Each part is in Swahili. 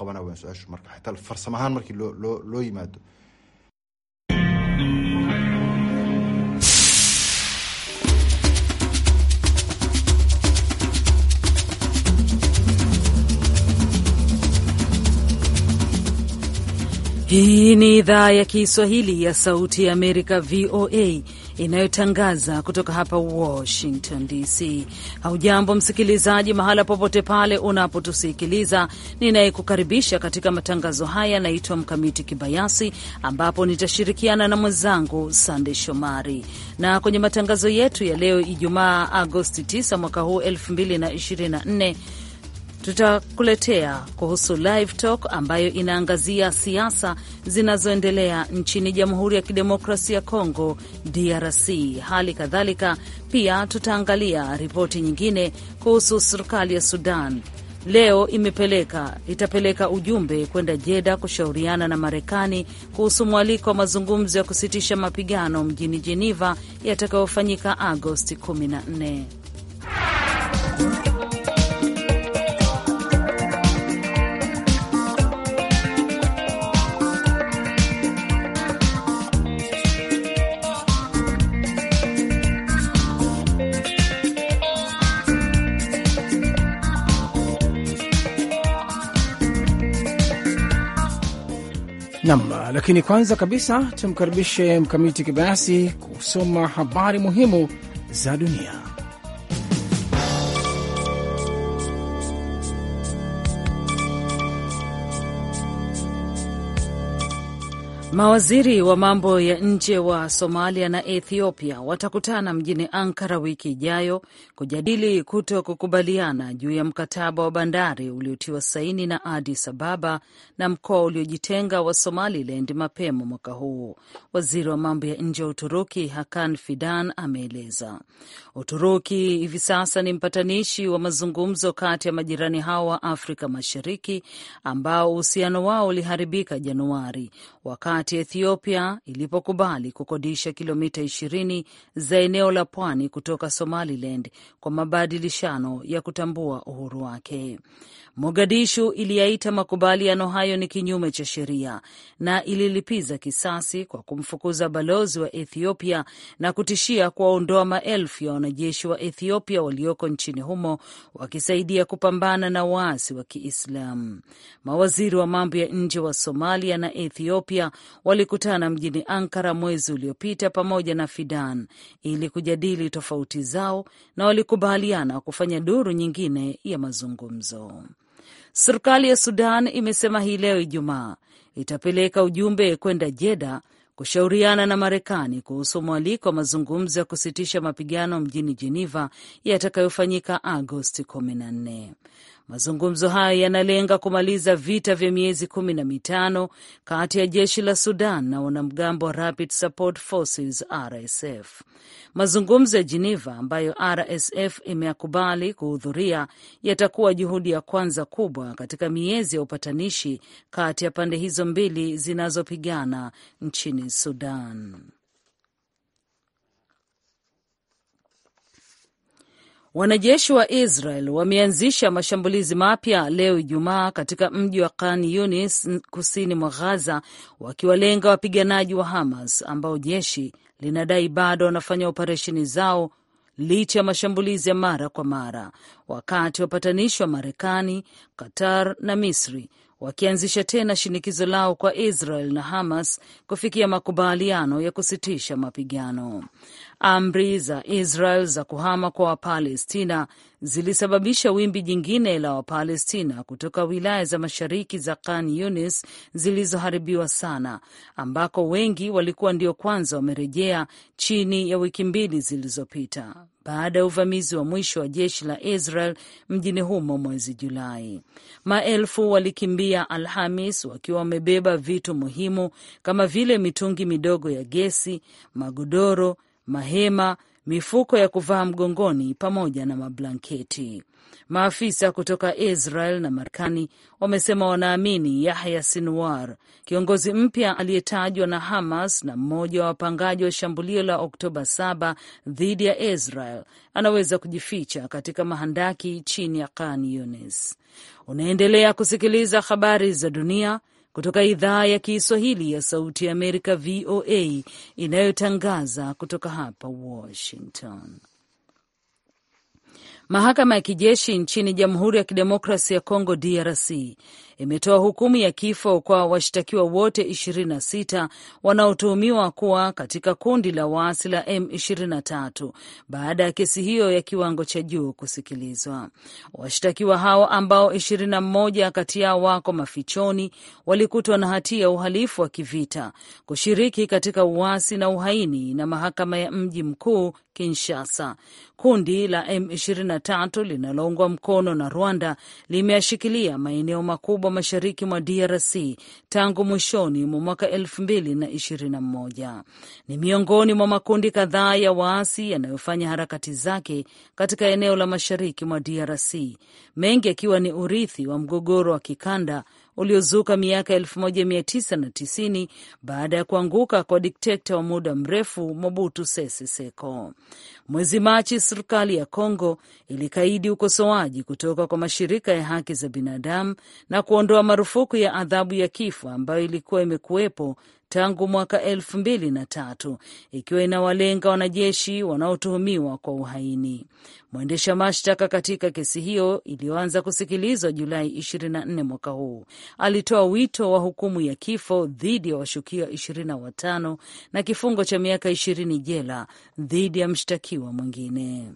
qabanaa waan su-aashu marka xitaa farsamo ahaan markii loo loo yimaado Hii ni idhaa ya Kiswahili ya Sauti ya Amerika, VOA, inayotangaza kutoka hapa Washington DC. Haujambo msikilizaji, mahala popote pale unapotusikiliza, ninayekukaribisha katika matangazo haya naitwa Mkamiti Kibayasi, ambapo nitashirikiana na mwenzangu Sande Shomari. Na kwenye matangazo yetu ya leo Ijumaa Agosti 9 mwaka huu 2024 tutakuletea kuhusu live talk ambayo inaangazia siasa zinazoendelea nchini Jamhuri ya Kidemokrasia ya Kongo, DRC. Hali kadhalika pia tutaangalia ripoti nyingine kuhusu serikali ya Sudan leo imepeleka itapeleka ujumbe kwenda Jeda kushauriana na Marekani kuhusu mwaliko wa mazungumzo ya kusitisha mapigano mjini Jeneva yatakayofanyika Agosti 14. Nam, lakini kwanza kabisa tumkaribishe Mkamiti Kibayasi kusoma habari muhimu za dunia. Mawaziri wa mambo ya nje wa Somalia na Ethiopia watakutana mjini Ankara wiki ijayo kujadili kuto kukubaliana juu ya mkataba wa bandari uliotiwa saini na Addis Ababa na mkoa uliojitenga wa Somaliland mapema mwaka huu. Waziri wa mambo ya nje wa Uturuki Hakan Fidan ameeleza Uturuki hivi sasa ni mpatanishi wa mazungumzo kati ya majirani hao wa Afrika Mashariki ambao uhusiano wao uliharibika Januari wakati wakati Ethiopia ilipokubali kukodisha kilomita ishirini za eneo la pwani kutoka Somaliland kwa mabadilishano ya kutambua uhuru wake. Mogadishu iliyaita makubaliano hayo ni kinyume cha sheria na ililipiza kisasi kwa kumfukuza balozi wa Ethiopia na kutishia kuwaondoa maelfu ya wanajeshi wa Ethiopia walioko nchini humo wakisaidia kupambana na waasi wa Kiislamu. Mawaziri wa mambo ya nje wa Somalia na Ethiopia walikutana mjini Ankara mwezi uliopita pamoja na Fidan ili kujadili tofauti zao na walikubaliana kufanya duru nyingine ya mazungumzo. Serikali ya Sudan imesema hii leo Ijumaa itapeleka ujumbe kwenda Jeda kushauriana na Marekani kuhusu mwaliko wa mazungumzo ya kusitisha mapigano mjini Jeneva yatakayofanyika Agosti 14. Mazungumzo hayo yanalenga kumaliza vita vya miezi kumi na mitano kati ya jeshi la Sudan na wanamgambo wa Rapid Support Forces RSF. Mazungumzo ya Geneva ambayo RSF imeakubali kuhudhuria yatakuwa juhudi ya kwanza kubwa katika miezi ya upatanishi kati ya pande hizo mbili zinazopigana nchini Sudan. Wanajeshi wa Israel wameanzisha mashambulizi mapya leo Ijumaa katika mji wa Khan Yunis kusini mwa Ghaza, wakiwalenga wapiganaji wa Hamas ambao jeshi linadai bado wanafanya operesheni zao licha ya mashambulizi ya mara kwa mara, wakati wapatanishi wa Marekani, Qatar na Misri wakianzisha tena shinikizo lao kwa Israel na Hamas kufikia makubaliano ya kusitisha mapigano. Amri za Israel za kuhama kwa Wapalestina zilisababisha wimbi jingine la Wapalestina kutoka wilaya za mashariki za Khan Yunis zilizoharibiwa sana, ambako wengi walikuwa ndio kwanza wamerejea chini ya wiki mbili zilizopita baada ya uvamizi wa mwisho wa jeshi la Israel mjini humo mwezi Julai. Maelfu walikimbia Alhamis wakiwa wamebeba vitu muhimu kama vile mitungi midogo ya gesi, magodoro, mahema, mifuko ya kuvaa mgongoni pamoja na mablanketi. Maafisa kutoka Israel na Marekani wamesema wanaamini Yahya Sinwar, kiongozi mpya aliyetajwa na Hamas na mmoja wa wapangaji wa shambulio la Oktoba 7 dhidi ya Israel, anaweza kujificha katika mahandaki chini ya Khan Yunis. Unaendelea kusikiliza habari za dunia kutoka idhaa ya Kiswahili ya Sauti ya Amerika, VOA, inayotangaza kutoka hapa Washington. Mahakama ya kijeshi nchini Jamhuri ya Kidemokrasi ya congo DRC imetoa hukumu ya kifo kwa washtakiwa wote 26 wanaotuhumiwa kuwa katika kundi la waasi la M23 baada ya kesi hiyo ya kiwango cha juu kusikilizwa. Washtakiwa hao ambao 21 kati yao wako mafichoni walikutwa na hatia ya uhalifu wa kivita, kushiriki katika uasi na uhaini na mahakama ya mji mkuu Kinshasa. Kundi la M23 linaloungwa mkono na Rwanda limeashikilia maeneo makubwa kubwa mashariki mwa DRC tangu mwishoni mwa mwaka 2021. Ni miongoni mwa makundi kadhaa ya waasi yanayofanya harakati zake katika eneo la mashariki mwa DRC, mengi yakiwa ni urithi wa mgogoro wa kikanda uliozuka miaka 1990 baada ya kuanguka kwa dikteta wa muda mrefu Mobutu Sese Seko. Mwezi Machi, serikali ya congo ilikaidi ukosoaji kutoka kwa mashirika ya haki za binadamu na kuondoa marufuku ya adhabu ya kifo ambayo ilikuwa imekuwepo tangu mwaka elfu mbili na tatu ikiwa inawalenga wanajeshi wanaotuhumiwa kwa uhaini. Mwendesha mashtaka katika kesi hiyo iliyoanza kusikilizwa Julai 24 mwaka huu alitoa wito wa hukumu ya kifo dhidi ya washukiwa 25 na kifungo cha miaka 20 jela dhidi ya mshtakiwa mwingine.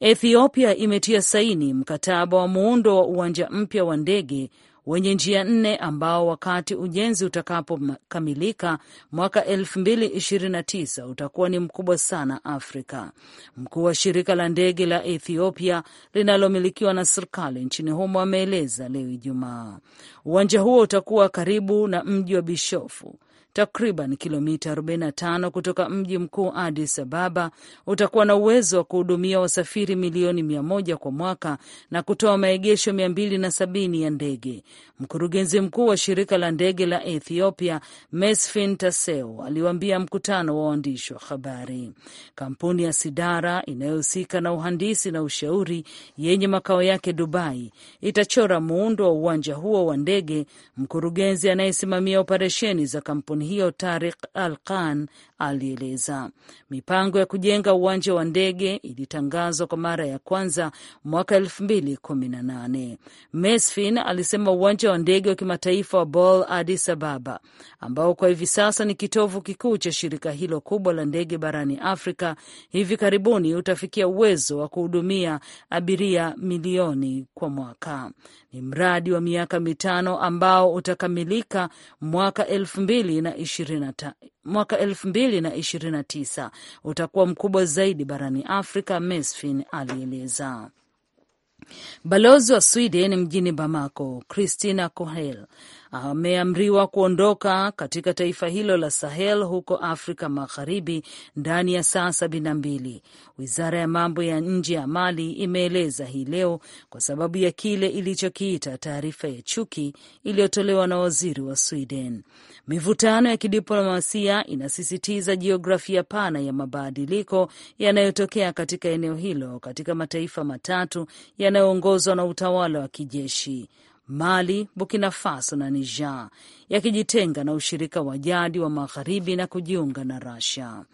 Ethiopia imetia saini mkataba wa muundo wa uwanja mpya wa ndege wenye njia nne ambao wakati ujenzi utakapokamilika mwaka 2029 utakuwa ni mkubwa sana Afrika. Mkuu wa shirika la ndege la Ethiopia linalomilikiwa na serikali nchini humo ameeleza leo Ijumaa uwanja huo utakuwa karibu na mji wa Bishofu takriban kilomita 45 kutoka mji mkuu Addis Ababa, utakuwa na uwezo wa kuhudumia wasafiri milioni 100 kwa mwaka na kutoa maegesho 270 ya ndege. Mkurugenzi mkuu wa shirika la ndege la Ethiopia Mesfin Taseo aliwaambia mkutano wa waandishi wa habari. Kampuni ya Sidara inayohusika na uhandisi na ushauri yenye makao yake Dubai itachora muundo wa uwanja huo wa ndege. Mkurugenzi anayesimamia operesheni za kampuni hiyo Tariq Al-Qan alieleza. Mipango ya kujenga uwanja wa ndege ilitangazwa kwa mara ya kwanza mwaka elfu mbili kumi na nane. Mesfin alisema uwanja wa ndege wa kimataifa wa bol Addis Ababa, ambao kwa hivi sasa ni kitovu kikuu cha shirika hilo kubwa la ndege barani Afrika, hivi karibuni utafikia uwezo wa kuhudumia abiria milioni kwa mwaka. Ni mradi wa miaka mitano ambao utakamilika mwaka elfu mbili tisa utakuwa mkubwa zaidi barani Afrika, Mesfin alieleza. Balozi wa Sweden mjini Bamako, Christina Kohel, ameamriwa kuondoka katika taifa hilo la Sahel huko Afrika Magharibi ndani ya saa sabini na mbili, wizara ya mambo ya nje ya Mali imeeleza hii leo, kwa sababu ya kile ilichokiita taarifa ya chuki iliyotolewa na waziri wa Sweden. Mivutano ya kidiplomasia inasisitiza jiografia pana ya mabadiliko yanayotokea katika eneo hilo katika mataifa matatu yanayoongozwa na utawala wa kijeshi. Mali, Burkina Faso na Niger yakijitenga na ushirika wa jadi wa magharibi na kujiunga na Russia.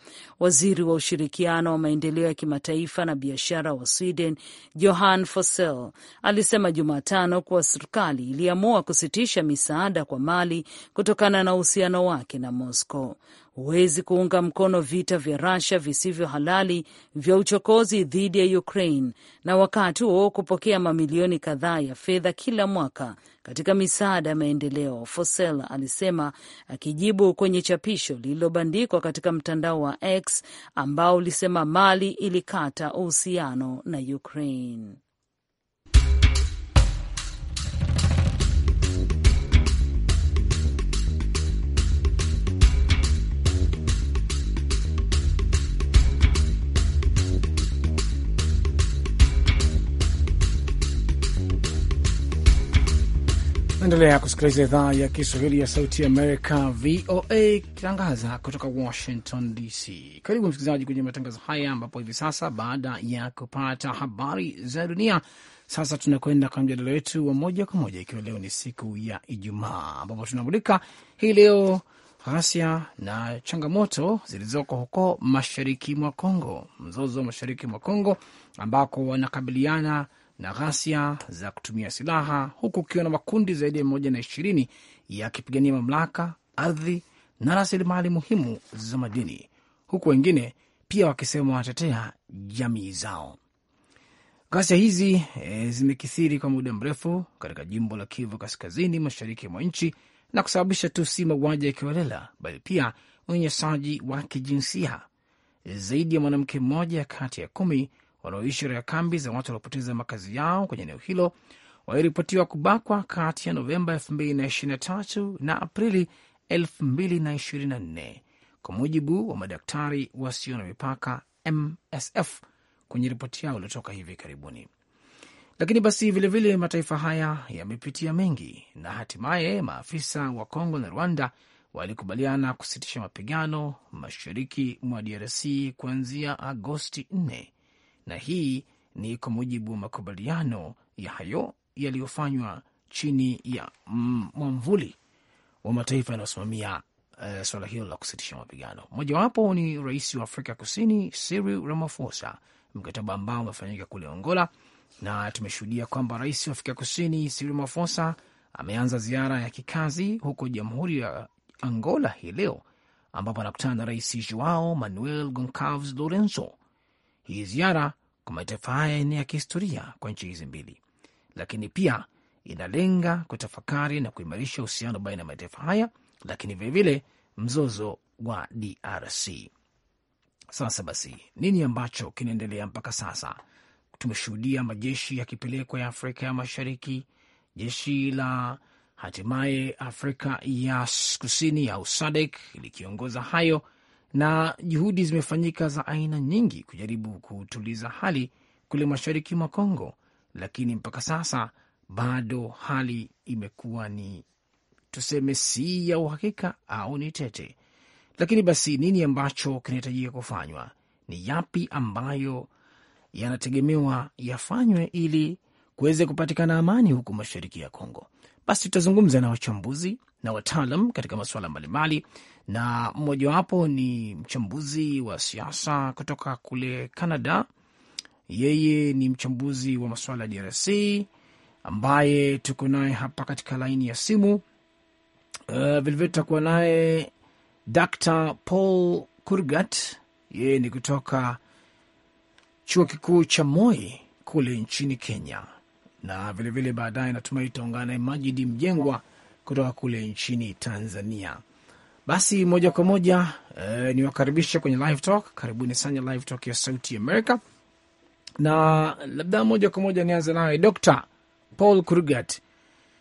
Waziri wa ushirikiano wa maendeleo ya kimataifa na biashara wa Sweden, Johan fosel alisema Jumatano kuwa serikali iliamua kusitisha misaada kwa Mali kutokana na uhusiano wake na Moscow huwezi kuunga mkono vita vya Russia visivyo halali vya uchokozi dhidi ya Ukraine na wakati huo kupokea mamilioni kadhaa ya fedha kila mwaka katika misaada ya maendeleo, Fosel alisema akijibu kwenye chapisho lililobandikwa katika mtandao wa X ambao ulisema Mali ilikata uhusiano na Ukraine. Endelea kusikiliza idhaa ya Kiswahili ya Sauti ya Amerika, VOA, ikitangaza kutoka Washington DC. Karibu msikilizaji kwenye matangazo haya, ambapo hivi sasa baada ya kupata habari za dunia, sasa tunakwenda kwa mjadala wetu wa moja kwa moja, ikiwa leo ni siku ya Ijumaa, ambapo tunamulika hii leo ghasia na changamoto zilizoko huko mashariki mwa Kongo, mzozo wa mashariki mwa Kongo ambako wanakabiliana na ghasia za kutumia silaha, huku ukiwa na makundi zaidi ya mia moja na ishirini yakipigania mamlaka, ardhi na rasilimali muhimu za madini, huku wengine pia wakisema wanatetea jamii zao. Ghasia hizi e, zimekithiri kwa muda mrefu katika jimbo la Kivu kaskazini mashariki mwa nchi na kusababisha tu si mauaji ya kiholela, bali pia unyanyasaji wa kijinsia. Zaidi ya mwanamke mmoja kati ya kumi wanaoishi katika kambi za watu waliopoteza makazi yao kwenye eneo hilo waliripotiwa kubakwa kati ya Novemba 2023 na Aprili 2024 kwa mujibu wa madaktari wasio na mipaka MSF kwenye ripoti yao iliotoka hivi karibuni. Lakini basi vilevile vile mataifa haya yamepitia mengi, na hatimaye maafisa wa Kongo na Rwanda walikubaliana kusitisha mapigano mashariki mwa DRC kuanzia Agosti 4 na hii ni kwa mujibu wa makubaliano ya hayo yaliyofanywa chini ya mwamvuli wa mataifa yanayosimamia uh, eh, suala hilo la kusitisha mapigano. Mojawapo ni rais wa Afrika Kusini Cyril Ramaphosa, mkataba ambao umefanyika kule Angola, na tumeshuhudia kwamba rais wa Afrika Kusini Cyril Ramaphosa ameanza ziara ya kikazi huko jamhuri ya Angola hii leo ambapo anakutana na rais Joao Manuel Goncalves Lorenzo hii ziara kwa mataifa haya ni ya kihistoria kwa nchi hizi mbili, lakini pia inalenga kutafakari na kuimarisha uhusiano baina ya mataifa haya, lakini vilevile mzozo wa DRC. Sasa basi, nini ambacho kinaendelea mpaka sasa? Tumeshuhudia majeshi yakipelekwa ya Afrika ya Mashariki, jeshi la hatimaye Afrika ya Kusini au SADC likiongoza hayo na juhudi zimefanyika za aina nyingi kujaribu kutuliza hali kule mashariki mwa Kongo, lakini mpaka sasa bado hali imekuwa ni tuseme, si ya uhakika au ni tete. Lakini basi nini ambacho kinahitajika kufanywa? Ni yapi ambayo yanategemewa yafanywe ili kuweze kupatikana amani huku mashariki ya Kongo? Basi tutazungumza na wachambuzi na wataalam katika masuala mbalimbali na mmojawapo ni mchambuzi wa siasa kutoka kule Canada. Yeye ni mchambuzi wa masuala ya DRC ambaye tuko naye hapa katika laini ya simu. Uh, vilevile uh, tutakuwa naye Dr Paul Kurgat, yeye ni kutoka chuo kikuu cha Moi kule nchini Kenya, na vilevile baadaye natumai tutaungana naye Majidi Mjengwa kutoka kule nchini Tanzania. Basi moja kwa moja eh, niwakaribishe kwenye live talk. Karibuni sana live talk ya Sauti Amerika, na labda moja kwa moja nianze naye Dr. Paul Krugat,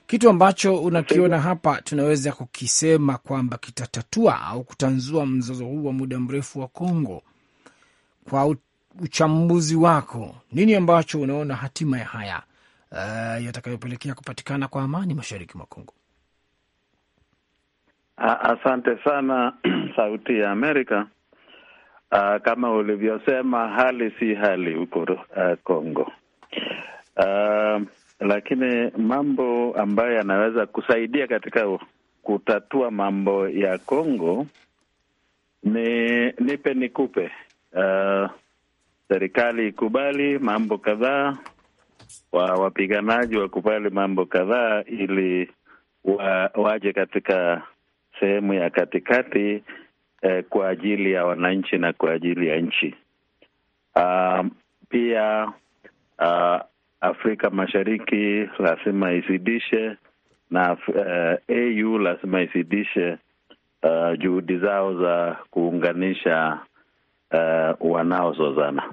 kitu ambacho unakiona hapa tunaweza kukisema kwamba kitatatua au kutanzua mzozo huu wa muda mrefu wa Kongo kwa uchambuzi wako, nini ambacho unaona hatima ya haya uh, yatakayopelekea kupatikana kwa amani mashariki mwa Kongo? Asante sana Sauti ya Amerika. Uh, kama ulivyosema hali si hali huko uh, uh, lakini mambo ambayo yanaweza kusaidia katika kutatua mambo ya Kongo ni nipe nikupe, uh, serikali ikubali mambo kadhaa, wa wapiganaji wakubali mambo kadhaa, ili wa, waje katika sehemu ya katikati eh, kwa ajili ya wananchi na kwa ajili ya nchi. Uh, pia uh, Afrika Mashariki lazima izidishe na uh, eh, AU lazima izidishe uh, juhudi zao za kuunganisha uh, wanaozozana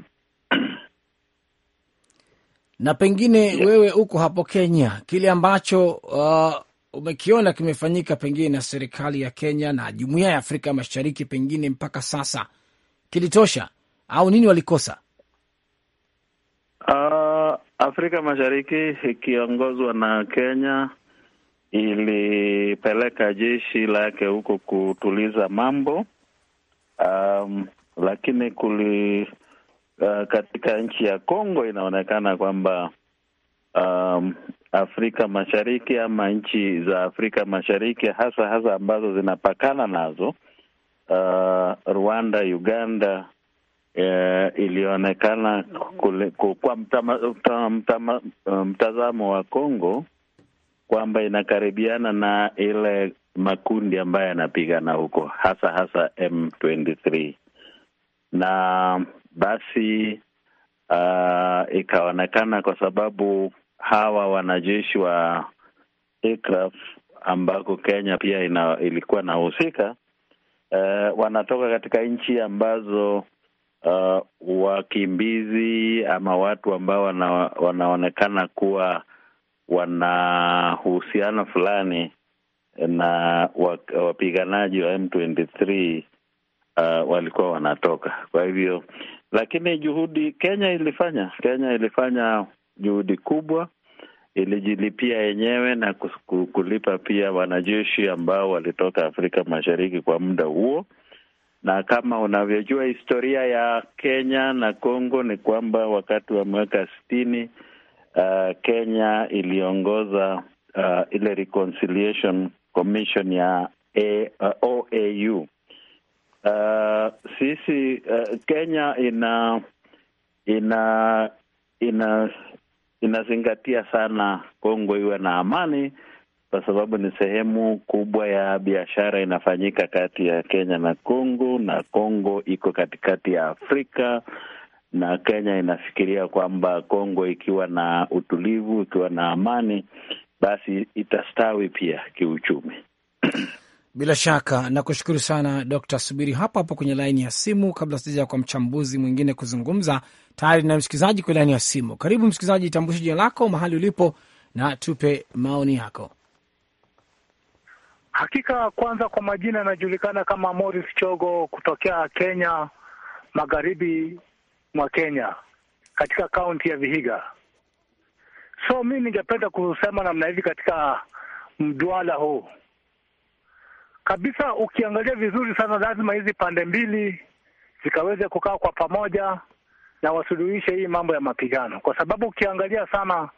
na pengine yeah. Wewe uko hapo Kenya, kile ambacho uh, umekiona kimefanyika pengine na serikali ya Kenya na jumuiya ya Afrika Mashariki pengine mpaka sasa kilitosha au nini walikosa? Uh, Afrika Mashariki ikiongozwa na Kenya ilipeleka jeshi lake huko kutuliza mambo um, lakini kuli uh, katika nchi ya Kongo inaonekana kwamba um, Afrika Mashariki ama nchi za Afrika Mashariki hasa hasa ambazo zinapakana nazo uh, Rwanda, Uganda uh, ilionekana kwa uh, mtazamo wa congo kwamba inakaribiana na ile makundi ambayo yanapigana huko hasa hasa M23 na basi uh, ikaonekana kwa sababu hawa wanajeshi wa ICRAF ambako Kenya pia ina, ilikuwa inahusika uh, eh, wanatoka katika nchi ambazo uh, wakimbizi ama watu ambao wana, wanaonekana kuwa wana uhusiano fulani na wapiganaji wa M23 uh, eh, walikuwa wanatoka. Kwa hivyo, lakini juhudi Kenya ilifanya Kenya ilifanya juhudi kubwa, ilijilipia yenyewe na kulipa pia wanajeshi ambao walitoka Afrika Mashariki kwa muda huo. Na kama unavyojua historia ya Kenya na Kongo ni kwamba wakati wa miaka sitini uh, Kenya iliongoza uh, ile reconciliation commission ya A, uh, OAU. Uh, sisi uh, Kenya ina ina ina inazingatia sana Kongo iwe na amani, kwa sababu ni sehemu kubwa ya biashara inafanyika kati ya Kenya na Kongo, na Kongo iko katikati ya Afrika na Kenya inafikiria kwamba Kongo ikiwa na utulivu, ikiwa na amani, basi itastawi pia kiuchumi. Bila shaka nakushukuru sana Dkt. Subiri hapo hapo kwenye laini ya simu, kabla sija kwa mchambuzi mwingine kuzungumza. Tayari na msikilizaji kwenye laini ya simu. Karibu msikilizaji, itambulishe jina lako, mahali ulipo na tupe maoni yako. Hakika, kwanza kwa majina anajulikana kama Morris Chogo kutokea Kenya, magharibi mwa Kenya, katika kaunti ya Vihiga. So mi ningependa kusema namna hivi katika mdwala huu kabisa. Ukiangalia vizuri sana, lazima hizi pande mbili zikaweze kukaa kwa pamoja na wasuluhishe hii mambo ya mapigano, kwa sababu ukiangalia sana,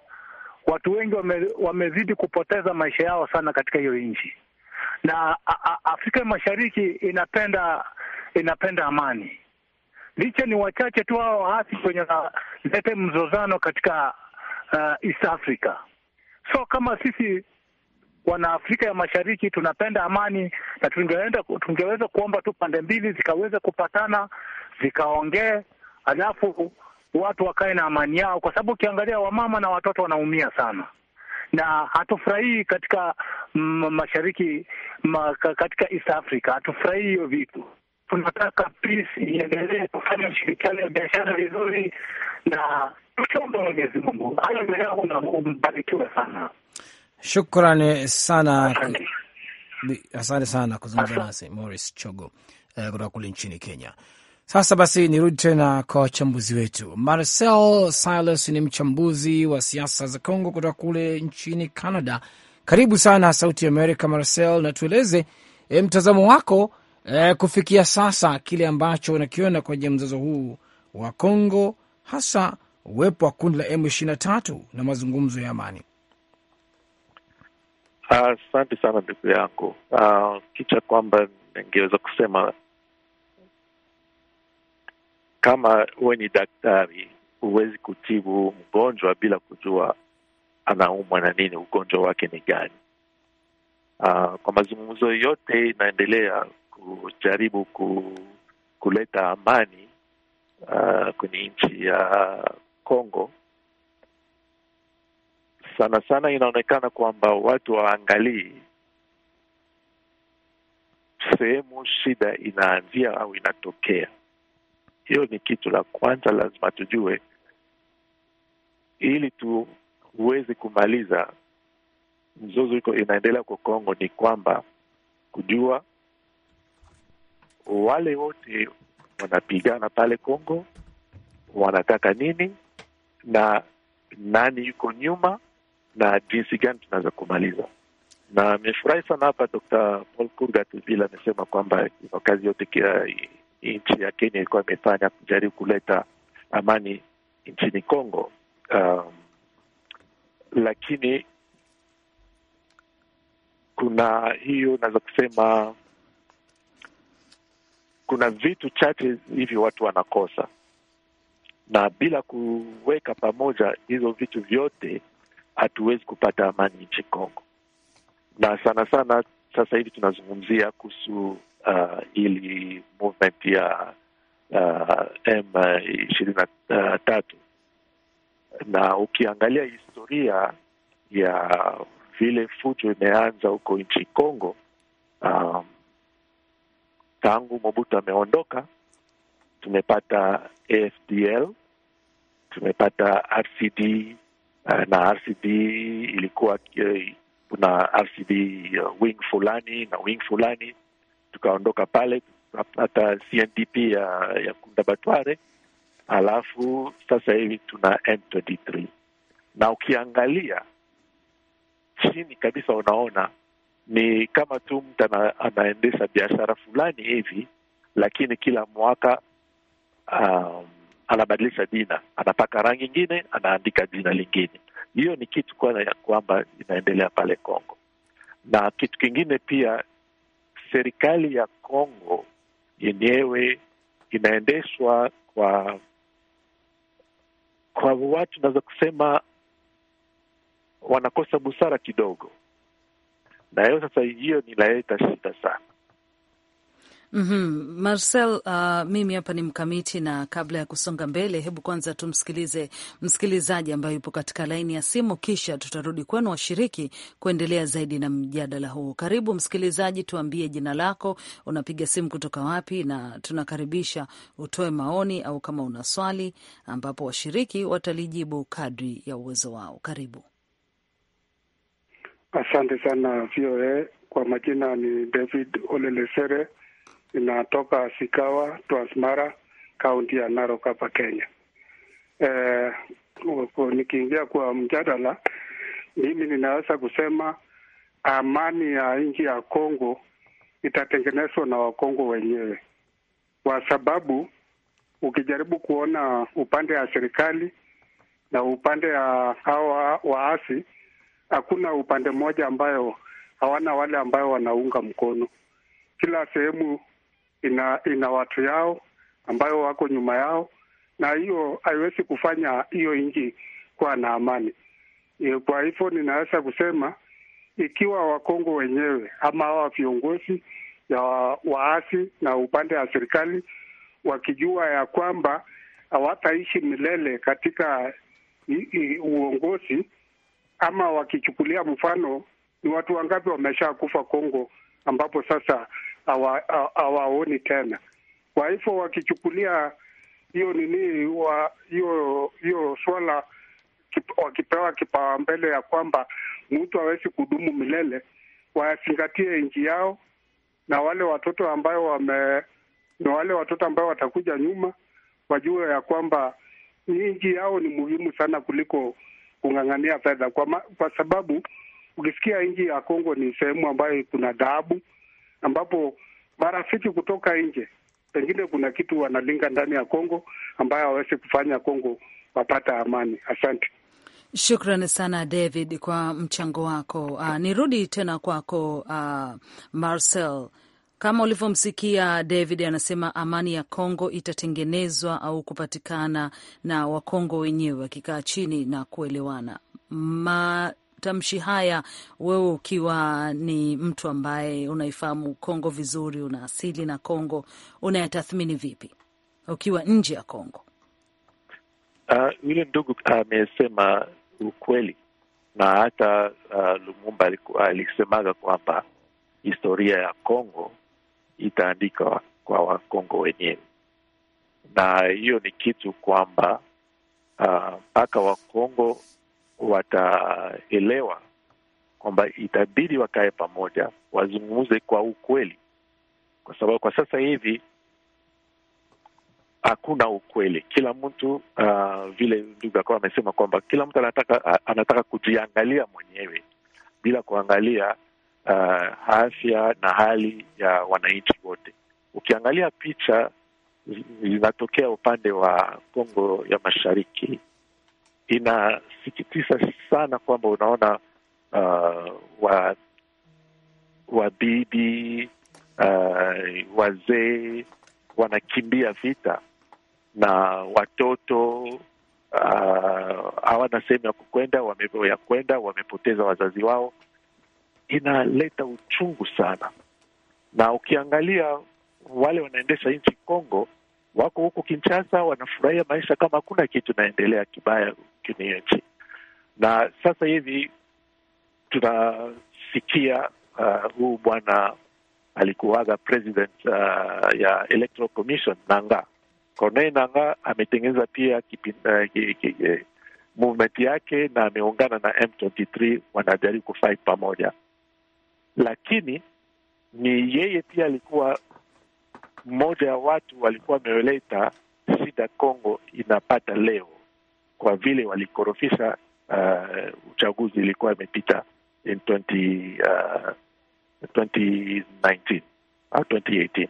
watu wengi wame, wamezidi kupoteza maisha yao sana katika hiyo nchi, na a, a, Afrika Mashariki inapenda inapenda amani, licha ni wachache tu hao waasi kwenye lete mzozano katika uh, East Africa. So kama sisi wana afrika ya Mashariki tunapenda amani, na tungeenda tungeweza kuomba tu pande mbili zikaweza kupatana zikaongee, alafu watu wakae na amani yao, kwa sababu ukiangalia wamama na watoto wanaumia sana na hatufurahii katika mm, mashariki ma, katika East Africa hatufurahii hiyo vitu. Tunataka peace iendelee, kufanya ushirikiano ya biashara vizuri, na tukiomba Mwenyezi Mungu hayo, mbarikiwe sana. Shukrani sana, asante sana kuzungumza nasi Morris Chogo eh, kutoka kule nchini Kenya. Sasa basi, nirudi tena kwa wachambuzi wetu. Marcel Silas ni mchambuzi wa siasa za congo kutoka kule nchini Canada. Karibu sana Sauti Amerika, Marcel, na tueleze e, mtazamo wako e, kufikia sasa kile ambacho unakiona kwenye mzozo huu wa congo hasa uwepo wa kundi la M23 na mazungumzo ya amani. Asante uh, sana ndugu yangu uh, kicha kwamba ningeweza kusema kama huwe ni daktari, huwezi kutibu mgonjwa bila kujua anaumwa na nini, ugonjwa wake ni gani. Uh, kwa mazungumzo yote inaendelea kujaribu ku, kuleta amani uh, kwenye nchi ya Kongo sana sana inaonekana kwamba watu waangalii sehemu shida inaanzia au inatokea. Hiyo ni kitu la kwanza lazima tujue ili tuweze kumaliza mzozo iko inaendelea kwa Kongo ni kwamba kujua wale wote wanapigana pale Kongo wanataka nini na nani yuko nyuma na jinsi gani tunaweza kumaliza. Na amefurahi sana hapa Dr. Paul Kurgat vile amesema kwamba kazi yote nchi ya Kenya ilikuwa imefanya kujaribu kuleta amani nchini congo um, lakini kuna hiyo naweza kusema kuna vitu chache hivyo watu wanakosa, na bila kuweka pamoja hizo vitu vyote hatuwezi kupata amani nchi Kongo, na sana sana sasa hivi tunazungumzia kuhusu uh, ili movement ya uh, M ishirini na tatu, na ukiangalia historia ya vile fujo imeanza huko nchi Kongo um, tangu Mobutu ameondoka, tumepata AFDL, tumepata RCD Eh, na RCD ilikuwa eh, kuna RCD eh, wing fulani na wing fulani, tukaondoka pale hata CNDP ya, ya Kunda Batware, alafu sasa hivi tuna M23 na ukiangalia chini kabisa unaona ni kama tu mtu anaendesha biashara fulani hivi, lakini kila mwaka um, anabadilisha jina, anapaka rangi ingine, anaandika jina lingine. Hiyo ni kitu kwana ya kwamba inaendelea pale Kongo. Na kitu kingine pia, serikali ya Kongo yenyewe inaendeshwa kwa kwa watu, naweza kusema wanakosa busara kidogo, na hiyo sasa, hiyo ninaleta shida sana. Mm -hmm. Marcel, uh, mimi hapa ni mkamiti na kabla ya kusonga mbele, hebu kwanza tumsikilize msikilizaji ambaye yupo katika laini ya simu, kisha tutarudi kwenu washiriki kuendelea zaidi na mjadala huu. Karibu msikilizaji, tuambie jina lako, unapiga simu kutoka wapi, na tunakaribisha utoe maoni au kama una swali, ambapo washiriki watalijibu kadri ya uwezo wao. Karibu. Asante sana VOA. Kwa majina ni David Olelesere inatoka Sikawa, Transmara, kaunti ya Narok hapa Kenya. Eh, nikiingia kwa mjadala, mimi ninaweza kusema amani ya nchi ya Kongo itatengenezwa na Wakongo wenyewe, kwa sababu ukijaribu kuona upande wa serikali na upande ya hawa waasi, hakuna upande mmoja ambayo hawana wale ambayo wanaunga mkono. Kila sehemu ina ina watu yao ambayo wako nyuma yao, na hiyo haiwezi kufanya hiyo nchi kuwa na amani. E, kwa hivyo ninaweza kusema ikiwa Wakongo wenyewe ama hawa viongozi ya waasi na upande wa serikali wakijua ya kwamba hawataishi milele katika i, i, uongozi ama wakichukulia mfano ni watu wangapi wameshakufa Kongo ambapo sasa hawaoni tena. Kwa hivyo wakichukulia hiyo nini wa hiyo hiyo swala wakipewa kipaumbele ya kwamba mtu hawezi kudumu milele, wazingatie nchi yao na wale watoto ambayo wame na wale watoto ambao watakuja nyuma wajue ya kwamba nchi yao ni muhimu sana kuliko kung'ang'ania fedha, kwa, kwa sababu ukisikia nchi ya Kongo ni sehemu ambayo kuna dhahabu ambapo marafiki kutoka nje pengine kuna kitu wanalinga ndani ya Kongo ambayo hawawezi kufanya Kongo wapata amani. Asante. Shukrani sana David kwa mchango wako. Uh, nirudi tena kwako uh, Marcel. Kama ulivyomsikia David anasema amani ya Kongo itatengenezwa au kupatikana na Wakongo wenyewe wakikaa chini na kuelewana. Ma, matamshi haya, wewe ukiwa ni mtu ambaye unaifahamu Kongo vizuri, una asili na Kongo, unayatathmini vipi ukiwa nje ya Kongo? Ah, yule uh, ndugu amesema uh, ukweli na hata uh, Lumumba alisemaga kwamba historia ya Kongo itaandikwa kwa Wakongo wenyewe, na hiyo ni kitu kwamba ah, mpaka uh, Wakongo wataelewa kwamba itabidi wakae pamoja, wazungumze kwa ukweli, kwa sababu kwa sasa hivi hakuna ukweli. Kila mtu uh, vile ndugu akawa amesema kwamba kila mtu anataka uh, anataka kujiangalia mwenyewe bila kuangalia uh, afya na hali ya wananchi wote. Ukiangalia picha zinatokea upande wa Kongo ya Mashariki inasikitisha sana kwamba unaona uh, wa wabibi uh, wazee wanakimbia vita na watoto uh, hawana uh, sehemu ya kukwenda wame, ya kwenda wamepoteza wazazi wao. Inaleta uchungu sana, na ukiangalia wale wanaendesha nchi Kongo wako huku Kinshasa wanafurahia maisha kama hakuna kitu inaendelea kibaya kini nchi. Na sasa hivi tunasikia uh, huu bwana alikuwaga president uh, ya Electoral Commission Nanga Corneille Nanga ametengeneza pia kipinda, uh, ki, ki, ki, movement yake na ameungana na M23 wanajaribu kufight pamoja, lakini ni yeye pia alikuwa mmoja ya watu walikuwa wameleta shida Kongo inapata leo, kwa vile walikorofisha uh, uchaguzi ilikuwa imepita in 20, uh, 2019 au 2018.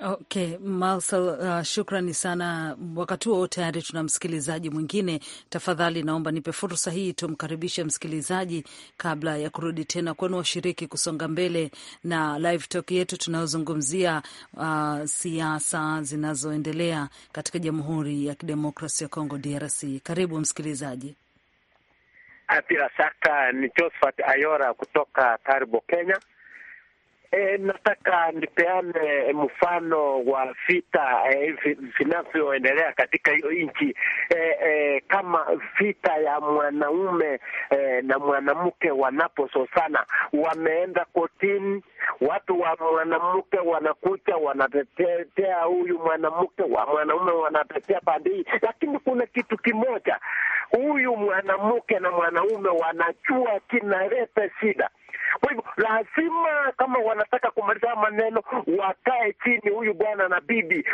Okay, Marcel, uh, shukrani sana. Wakati huo tayari tuna msikilizaji mwingine. Tafadhali naomba nipe fursa hii tumkaribishe msikilizaji kabla ya kurudi tena kwenu washiriki kusonga mbele na live talk yetu tunayozungumzia uh, siasa zinazoendelea katika Jamhuri ya kidemokrasi ya congo DRC. Karibu msikilizaji. Bila shaka ni josphat Ayora kutoka Taribo, Kenya. E, nataka nipeane mfano wa vita e, vinavyoendelea katika hiyo nchi e, e, kama vita ya mwanaume e, na mwanamke wanapososana, wameenda kotini, watu wa mwanamke wanakucha wanatetea huyu mwanamke, wa mwanaume wanatetea pande hii, lakini kuna kitu kimoja, huyu mwanamke na mwanaume wanajua kinaleta shida kwa hivyo lazima, kama wanataka kumaliza maneno, wakae chini, huyu bwana na bibi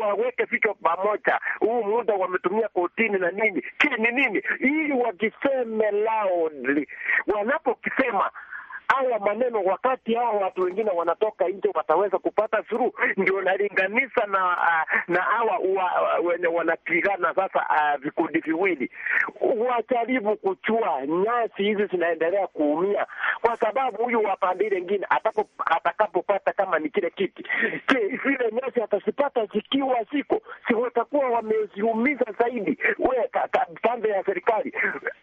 waweke wa, vichwa pamoja, huu muda wametumia kotini na nini kini nini, ili wakiseme loudly, wanapokisema haya maneno, wakati hao watu wengine wanatoka nje wataweza kupata suru, Ndio nalinganisha na uh, na hawa uh, wenye wanapigana sasa uh, vikundi viwili, wajaribu kuchua nyasi hizi zinaendelea kuumia, kwa sababu huyu wa pande ile ingine atakapopata kama ni kile kiti zile nyasi atazipata zikiwa ziko si watakuwa wameziumiza zaidi. We pande ya serikali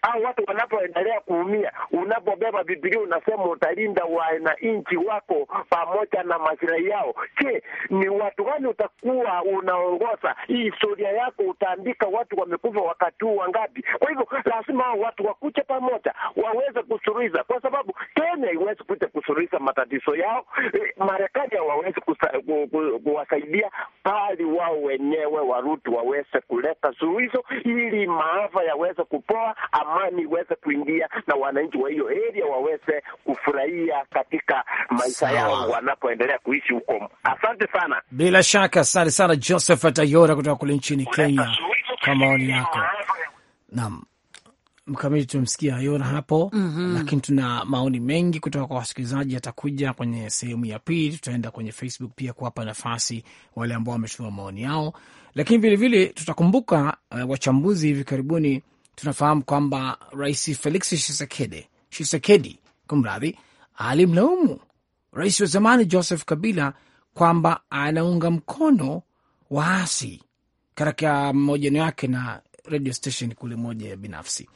au watu wanapoendelea kuumia, unapobeba Biblia unasema utalinda wananchi wako pamoja na maslahi yao? Je, ni watu gani utakuwa unaongoza? Hii historia yako utaandika watu wamekufa wakati huu wangapi? Kwa hivyo lazima hao watu wakuche pamoja, waweze kusuruhiza, kwa sababu Kenya haiwezi kuja kusuruhiza matatizo yao. E, Marekani hawawezi kuwasaidia bali wao wenyewe warudi waweze kuleta suluhisho ili maafa yaweze kupoa, amani iweze kuingia na wananchi wa hiyo area waweze kufa kufurahia katika maisha yao wanapoendelea kuishi huko. Asante sana. Bila shaka, asante sana Joseph Atayora kutoka kule nchini Kenya kwa maoni yako. Naam, mkamiti tumemsikia Ayora hapo mm -hmm. Lakini tuna maoni mengi kutoka kwa wasikilizaji, atakuja kwenye sehemu ya pili. Tutaenda kwenye Facebook pia kuwapa nafasi wale ambao wametuma maoni yao, lakini vilevile tutakumbuka uh, wachambuzi hivi karibuni tunafahamu kwamba Rais Felix Shisekedi Tshisekedi kumradhi, alimlaumu rais wa zamani Joseph Kabila kwamba anaunga mkono waasi katika mahojiano yake na radio station kule moja ya binafsi.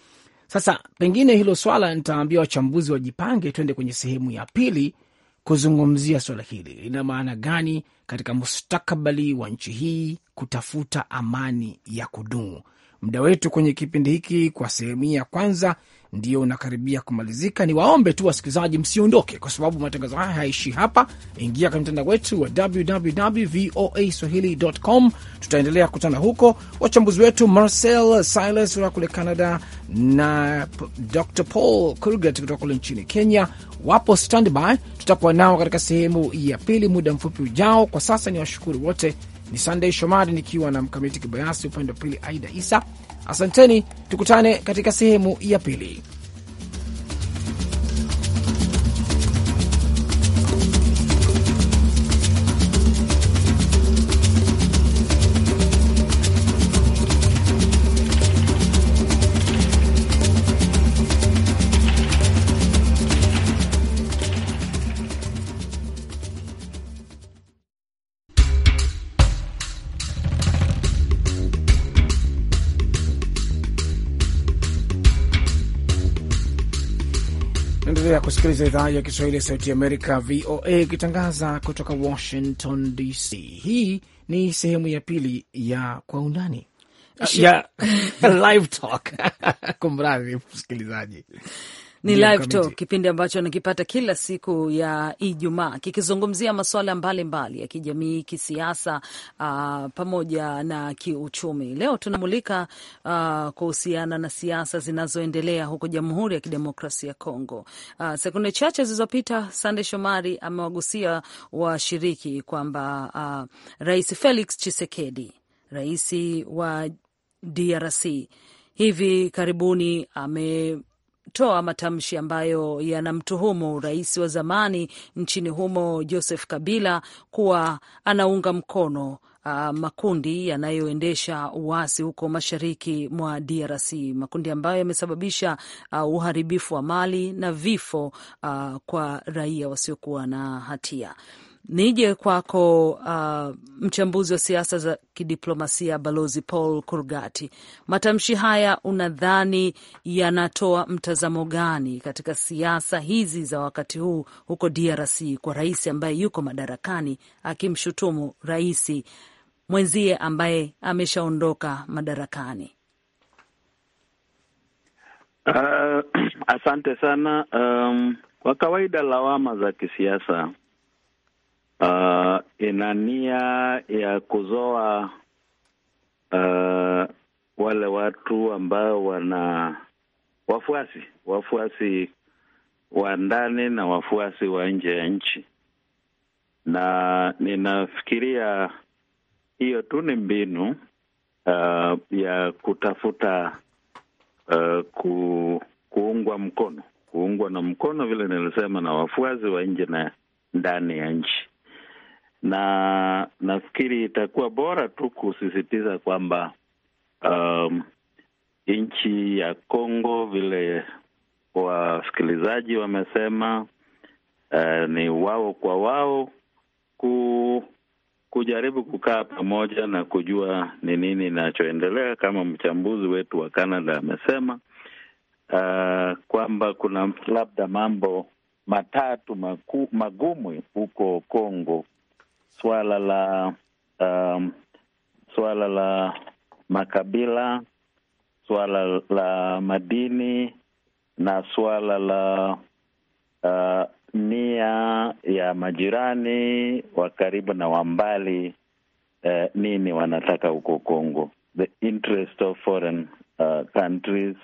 Sasa pengine hilo swala nitaambia wachambuzi wajipange, twende kwenye sehemu ya pili kuzungumzia swala hili lina maana gani katika mustakabali wa nchi hii kutafuta amani ya kudumu. Muda wetu kwenye kipindi hiki kwa sehemu hii ya kwanza ndio unakaribia kumalizika. Ni waombe tu wasikilizaji, msiondoke, kwa sababu matangazo haya hayaishi hapa. Ingia kwenye mtandao wetu wa swahilicom Tutaendelea kukutana huko, wachambuzi wetu Marcel Silas kutoka kule Canada na Dr Paul Kurgat kutoka kule nchini Kenya wapo standby. Tutakuwa nao katika sehemu ya pili muda mfupi ujao. Kwa sasa ni washukuru wote ni sandey Shomari nikiwa na Mkamiti Kibayasi, upande wa pili Aida Isa. Asanteni, tukutane katika sehemu ya pili. Unaendelea kusikiliza idhaa ya Kiswahili ya Sauti Amerika, VOA, ikitangaza kutoka Washington DC. Hii ni sehemu ya pili ya Kwa Undani ya Live Talk. Kumradhi msikilizaji ni live talk, kipindi ambacho nakipata kila siku ya Ijumaa kikizungumzia masuala mbalimbali ya kijamii, kisiasa, uh, pamoja na kiuchumi. Leo tunamulika uh, kuhusiana na siasa zinazoendelea huko Jamhuri ya Kidemokrasia ya Kongo. Uh, sekunde chache zilizopita, Sande Shomari amewagusia washiriki kwamba uh, Rais Felix Tshisekedi, rais wa DRC hivi karibuni ame toa matamshi ambayo yanamtuhumu rais wa zamani nchini humo Joseph Kabila kuwa anaunga mkono Uh, makundi yanayoendesha uasi huko mashariki mwa DRC, makundi ambayo yamesababisha uh, uharibifu wa mali na vifo uh, kwa raia wasiokuwa na hatia. Nije kwako uh, mchambuzi wa siasa za kidiplomasia Balozi Paul Kurgati, matamshi haya unadhani yanatoa mtazamo gani katika siasa hizi za wakati huu huko DRC kwa rais ambaye yuko madarakani akimshutumu rais mwenzie ambaye ameshaondoka madarakani? Uh, asante sana. Um, kwa kawaida lawama za kisiasa uh, ina nia ya kuzoa uh, wale watu ambao wana wafuasi wafuasi wa ndani na wafuasi wa nje ya nchi, na ninafikiria hiyo tu ni mbinu uh, ya kutafuta uh, ku, kuungwa mkono kuungwa na mkono vile nilisema, na wafuasi wa nje na ndani ya nchi na nafikiri itakuwa bora tu kusisitiza kwamba um, nchi ya Kongo vile wasikilizaji wamesema, uh, ni wao kwa wao ku, kujaribu kukaa pamoja na kujua ni nini inachoendelea, kama mchambuzi wetu wa Canada amesema uh, kwamba kuna labda mambo matatu maku, magumu huko Kongo swala la um, swala la makabila, swala la madini na swala la uh, nia ya majirani wa karibu na wa mbali uh, nini wanataka huko Kongo, the interest of foreign uh, countries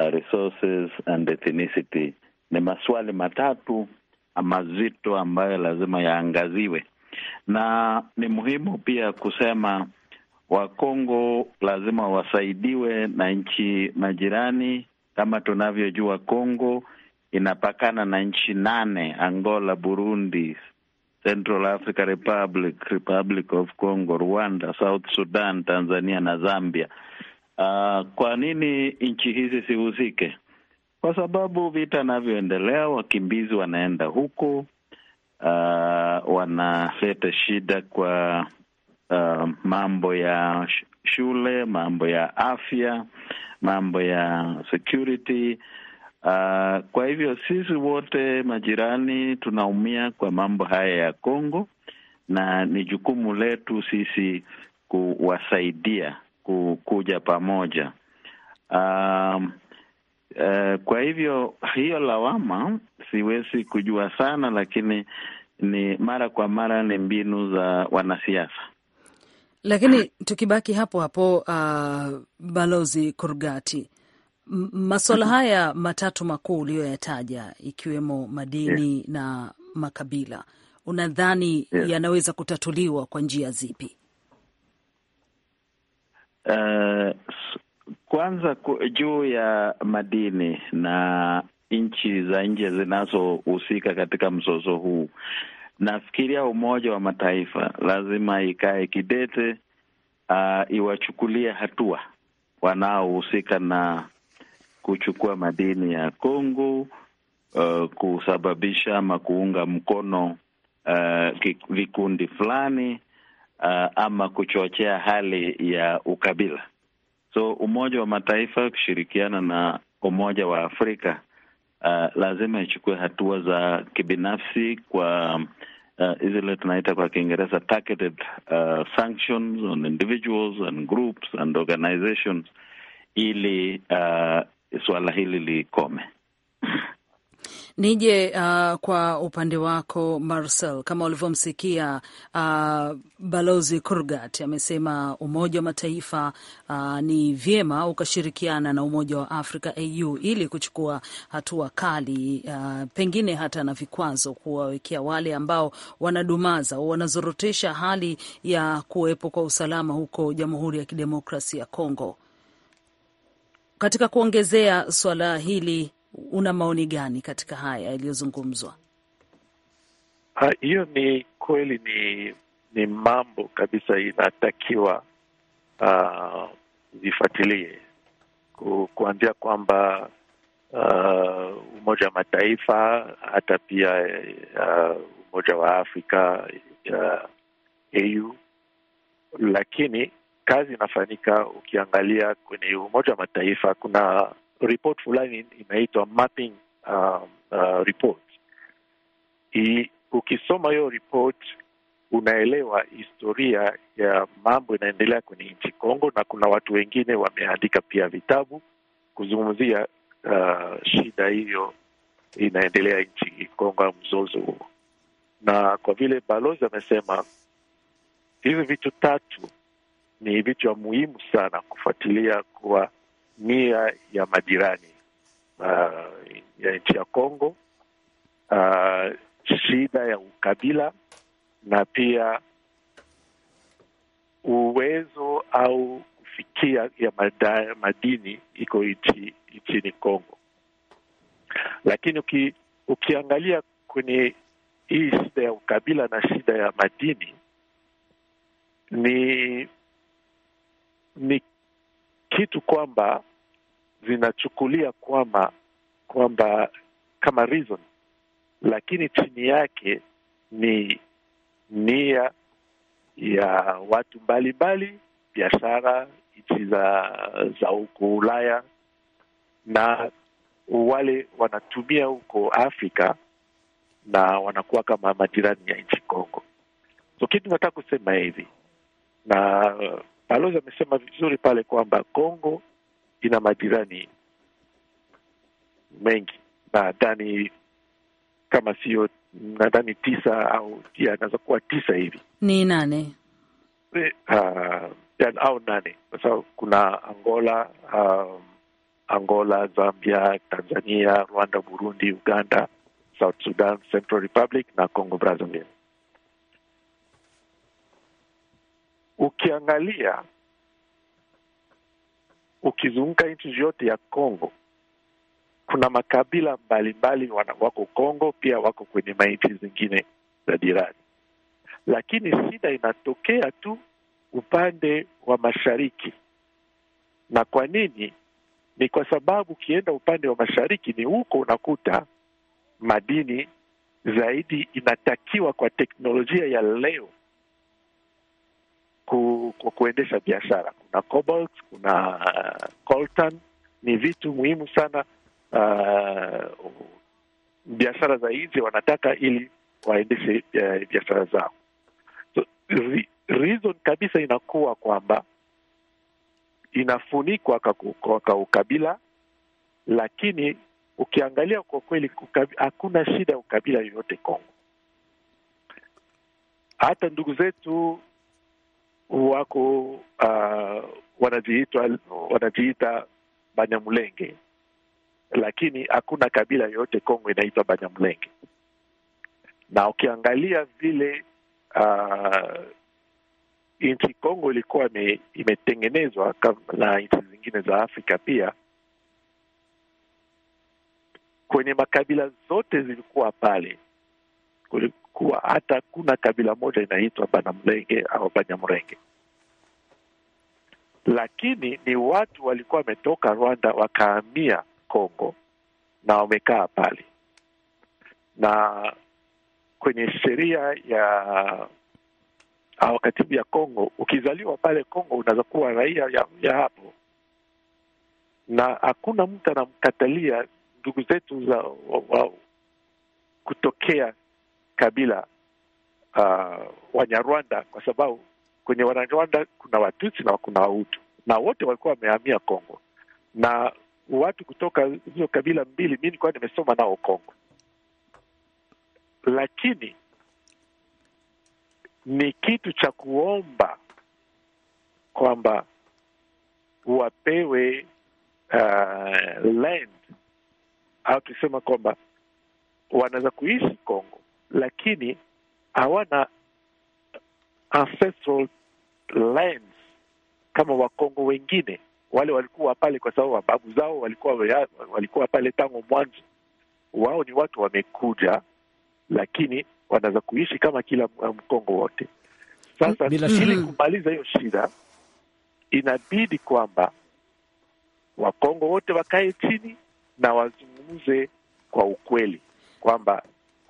uh, resources and ethnicity. Ni maswali matatu mazito ambayo lazima yaangaziwe na ni muhimu pia kusema Wakongo lazima wasaidiwe na nchi majirani. Kama tunavyojua, Kongo inapakana na nchi nane: Angola, Burundi, Central Africa Republic, Republic of Congo, Rwanda, South Sudan, Tanzania na Zambia. Uh, kwa nini nchi hizi sihusike? Kwa sababu vita anavyoendelea wakimbizi wanaenda huko uh, wanaleta shida kwa uh, mambo ya shule, mambo ya afya, mambo ya security. Uh, kwa hivyo sisi wote majirani tunaumia kwa mambo haya ya Kongo, na ni jukumu letu sisi kuwasaidia kukuja pamoja. Um, Uh, kwa hivyo hiyo lawama siwezi kujua sana, lakini ni mara kwa mara ni mbinu za wanasiasa. Lakini tukibaki hapo hapo, uh, Balozi Kurgati, masuala mhm. haya matatu makuu uliyoyataja ikiwemo madini yes, na makabila unadhani yes, yanaweza kutatuliwa kwa njia zipi? Uh, kwanza juu ya madini na nchi za nje zinazohusika katika mzozo huu, nafikiria Umoja wa Mataifa lazima ikae kidete, uh, iwachukulie hatua wanaohusika na kuchukua madini ya Kongo, uh, kusababisha ama kuunga mkono uh, vikundi fulani uh, ama kuchochea hali ya ukabila. So Umoja wa Mataifa kushirikiana na Umoja wa Afrika uh, lazima ichukue hatua za kibinafsi kwa zile uh, tunaita kwa Kiingereza targeted uh, sanctions on individuals and groups and organizations ili uh, suala hili likome. Nije uh, kwa upande wako Marcel, kama ulivyomsikia uh, balozi Kurgat amesema Umoja wa Mataifa uh, ni vyema ukashirikiana na Umoja wa Afrika au ili kuchukua hatua kali uh, pengine hata na vikwazo kuwawekea wale ambao wanadumaza au wanazorotesha hali ya kuwepo kwa usalama huko Jamhuri ya Kidemokrasia ya Kongo. Katika kuongezea suala hili una maoni gani katika haya yaliyozungumzwa? Ah, hiyo ni kweli, ni ni mambo kabisa inatakiwa uh, zifuatilie kuanzia kwamba uh, Umoja wa Mataifa hata pia uh, Umoja wa Afrika uh, AU, lakini kazi inafanyika. Ukiangalia kwenye Umoja wa Mataifa kuna report fulani inaitwa mapping uh, uh, report. I, ukisoma hiyo report unaelewa historia ya mambo inaendelea kwenye nchi Kongo, na kuna watu wengine wameandika pia vitabu kuzungumzia uh, shida hiyo inaendelea nchi Kongo, au mzozo huo. Na kwa vile balozi amesema hivi vitu tatu ni vitu vya muhimu sana kufuatilia kuwa nia ya majirani uh, ya nchi ya Kongo, uh, shida ya ukabila na pia uwezo au kufikia ya madaya, madini iko nchini Kongo, lakini uki, ukiangalia kwenye hii shida ya ukabila na shida ya madini ni ni kitu kwamba zinachukulia kwamba kwamba kama reason, lakini chini yake ni nia ya watu mbalimbali, biashara, nchi za za huko Ulaya na wale wanatumia huko Afrika na wanakuwa kama majirani ya nchi Kongo. So kitu nataka kusema hivi, na balozi amesema vizuri pale kwamba Kongo ina majirani mengi nadhani kama sio nadhani tisa au anaweza kuwa tisa hivi ni nane uh, au nane kwa sababu kuna Angola um, Angola, Zambia, Tanzania, Rwanda, Burundi, Uganda, South Sudan, Central Republic na Congo Brazzaville. Ukiangalia ukizunguka nchi yote ya Kongo kuna makabila mbalimbali mbali wako Kongo, pia wako kwenye manchi zingine za jirani, lakini shida inatokea tu upande wa mashariki. Na kwa nini? Ni kwa sababu ukienda upande wa mashariki, ni huko unakuta madini zaidi inatakiwa kwa teknolojia ya leo ku, kwa kuendesha biashara. Kuna cobalt, kuna uh, coltan ni vitu muhimu sana uh, biashara za nje wanataka ili waendeshe uh, biashara zao. So, reason kabisa inakuwa kwamba inafunikwa kwa ukabila, lakini ukiangalia kwa kweli hakuna shida ya ukabila yoyote Kongo. Hata ndugu zetu wako uh, wanajiita wanajiita Banyamulenge, lakini hakuna kabila yoyote Kongo inaitwa Banyamulenge. Na ukiangalia vile uh, nchi Kongo ilikuwa imetengenezwa na nchi zingine za Afrika pia, kwenye makabila zote zilikuwa pale, kuwa hata kuna kabila moja inaitwa Banamlenge au Banyamrenge, lakini ni watu walikuwa wametoka Rwanda wakahamia Kongo na wamekaa pale, na kwenye sheria ya au katibu ya Kongo, ukizaliwa pale Kongo unaweza kuwa raia ya, ya hapo, na hakuna mtu anamkatalia ndugu zetu za wa, wa, kutokea kabila uh, ah, Wanyarwanda, kwa sababu kwenye Wanarwanda kuna Watutsi na kuna Wahutu na wote walikuwa wamehamia Kongo, na watu kutoka hizo kabila mbili, mi nilikuwa nimesoma nao Kongo, lakini ni kitu cha kuomba kwamba wapewe uh, land au tusema kwamba wanaweza kuishi Kongo lakini hawana ancestral lands kama Wakongo wengine. Wale walikuwa pale kwa sababu wababu zao walikuwa walikuwa pale tangu mwanzo. Wao ni watu wamekuja, lakini wanaweza kuishi kama kila Mkongo wote. Sasa ili kumaliza hiyo shida, inabidi kwamba Wakongo wote wakae chini na wazungumze kwa ukweli kwamba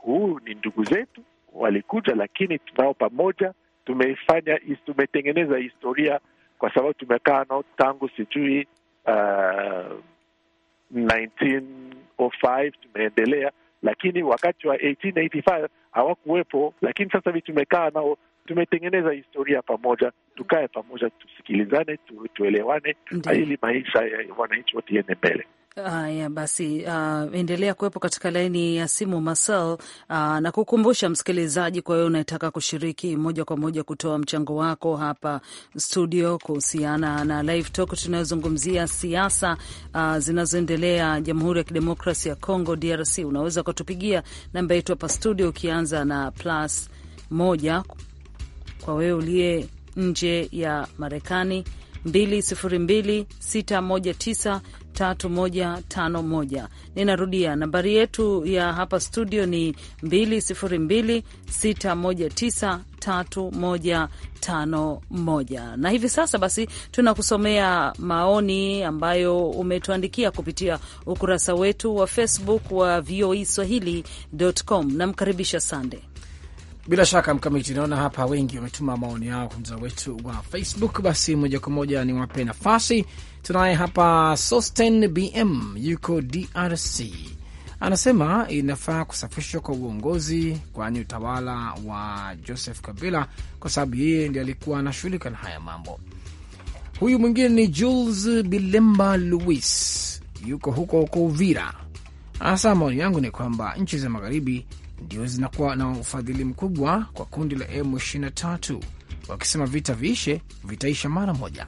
huu ni ndugu zetu walikuja, lakini tunao pamoja, tumefanya tumetengeneza historia kwa sababu tumekaa nao tangu sijui uh, 1905 tumeendelea, lakini wakati wa 1885 hawakuwepo, lakini sasa hivi tumekaa nao tumetengeneza historia pamoja, tukae pamoja, tusikilizane, tuelewane ili maisha ya wananchi wote iende mbele. Haya basi, uh, endelea kuwepo katika laini ya simu Masal. Uh, na kukumbusha msikilizaji, kwa hiyo unataka kushiriki moja kwa moja kutoa mchango wako hapa studio kuhusiana na live talk tunayozungumzia siasa uh, zinazoendelea Jamhuri ya Kidemokrasi ya Congo, DRC, unaweza ukatupigia namba yetu hapa studio ukianza na plus moja kwa wewe uliye nje ya Marekani, 202619 224 ninarudia nambari yetu ya hapa studio ni 2026193151 na hivi sasa basi tunakusomea maoni ambayo umetuandikia kupitia ukurasa wetu wa Facebook wa VOA e Swahili.com. Namkaribisha Sande. Bila shaka Mkamiti, naona hapa wengi wametuma maoni yao kwa mtandao wetu wa Facebook. Basi moja kwa moja ni wape nafasi. Tunaye hapa Sosten BM yuko DRC, anasema inafaa kusafishwa kwa uongozi, kwani utawala wa Joseph Kabila, kwa sababu yeye ndiye alikuwa anashughulika na haya mambo. Huyu mwingine ni Jules Bilemba Louis, yuko huko huko Uvira, anasema maoni yangu ni kwamba nchi za magharibi ndio zinakuwa na ufadhili mkubwa kwa kundi la M23 wakisema vita viishe, vitaisha mara moja.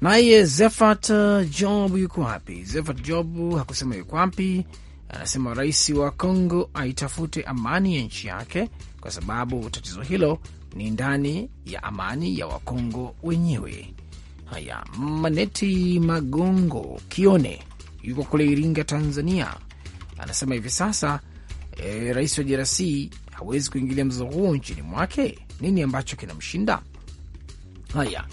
Naye Zefat uh, Job yuko wapi? Zefat Job hakusema yuko wapi. Anasema rais wa Kongo aitafute amani ya nchi yake, kwa sababu tatizo hilo ni ndani ya amani ya Wakongo wenyewe. Haya, Maneti Magongo Kione yuko kule Iringa, Tanzania, anasema hivi sasa e, rais wa DRC hawezi kuingilia mzozo huo nchini mwake. Nini ambacho kinamshinda? Haya,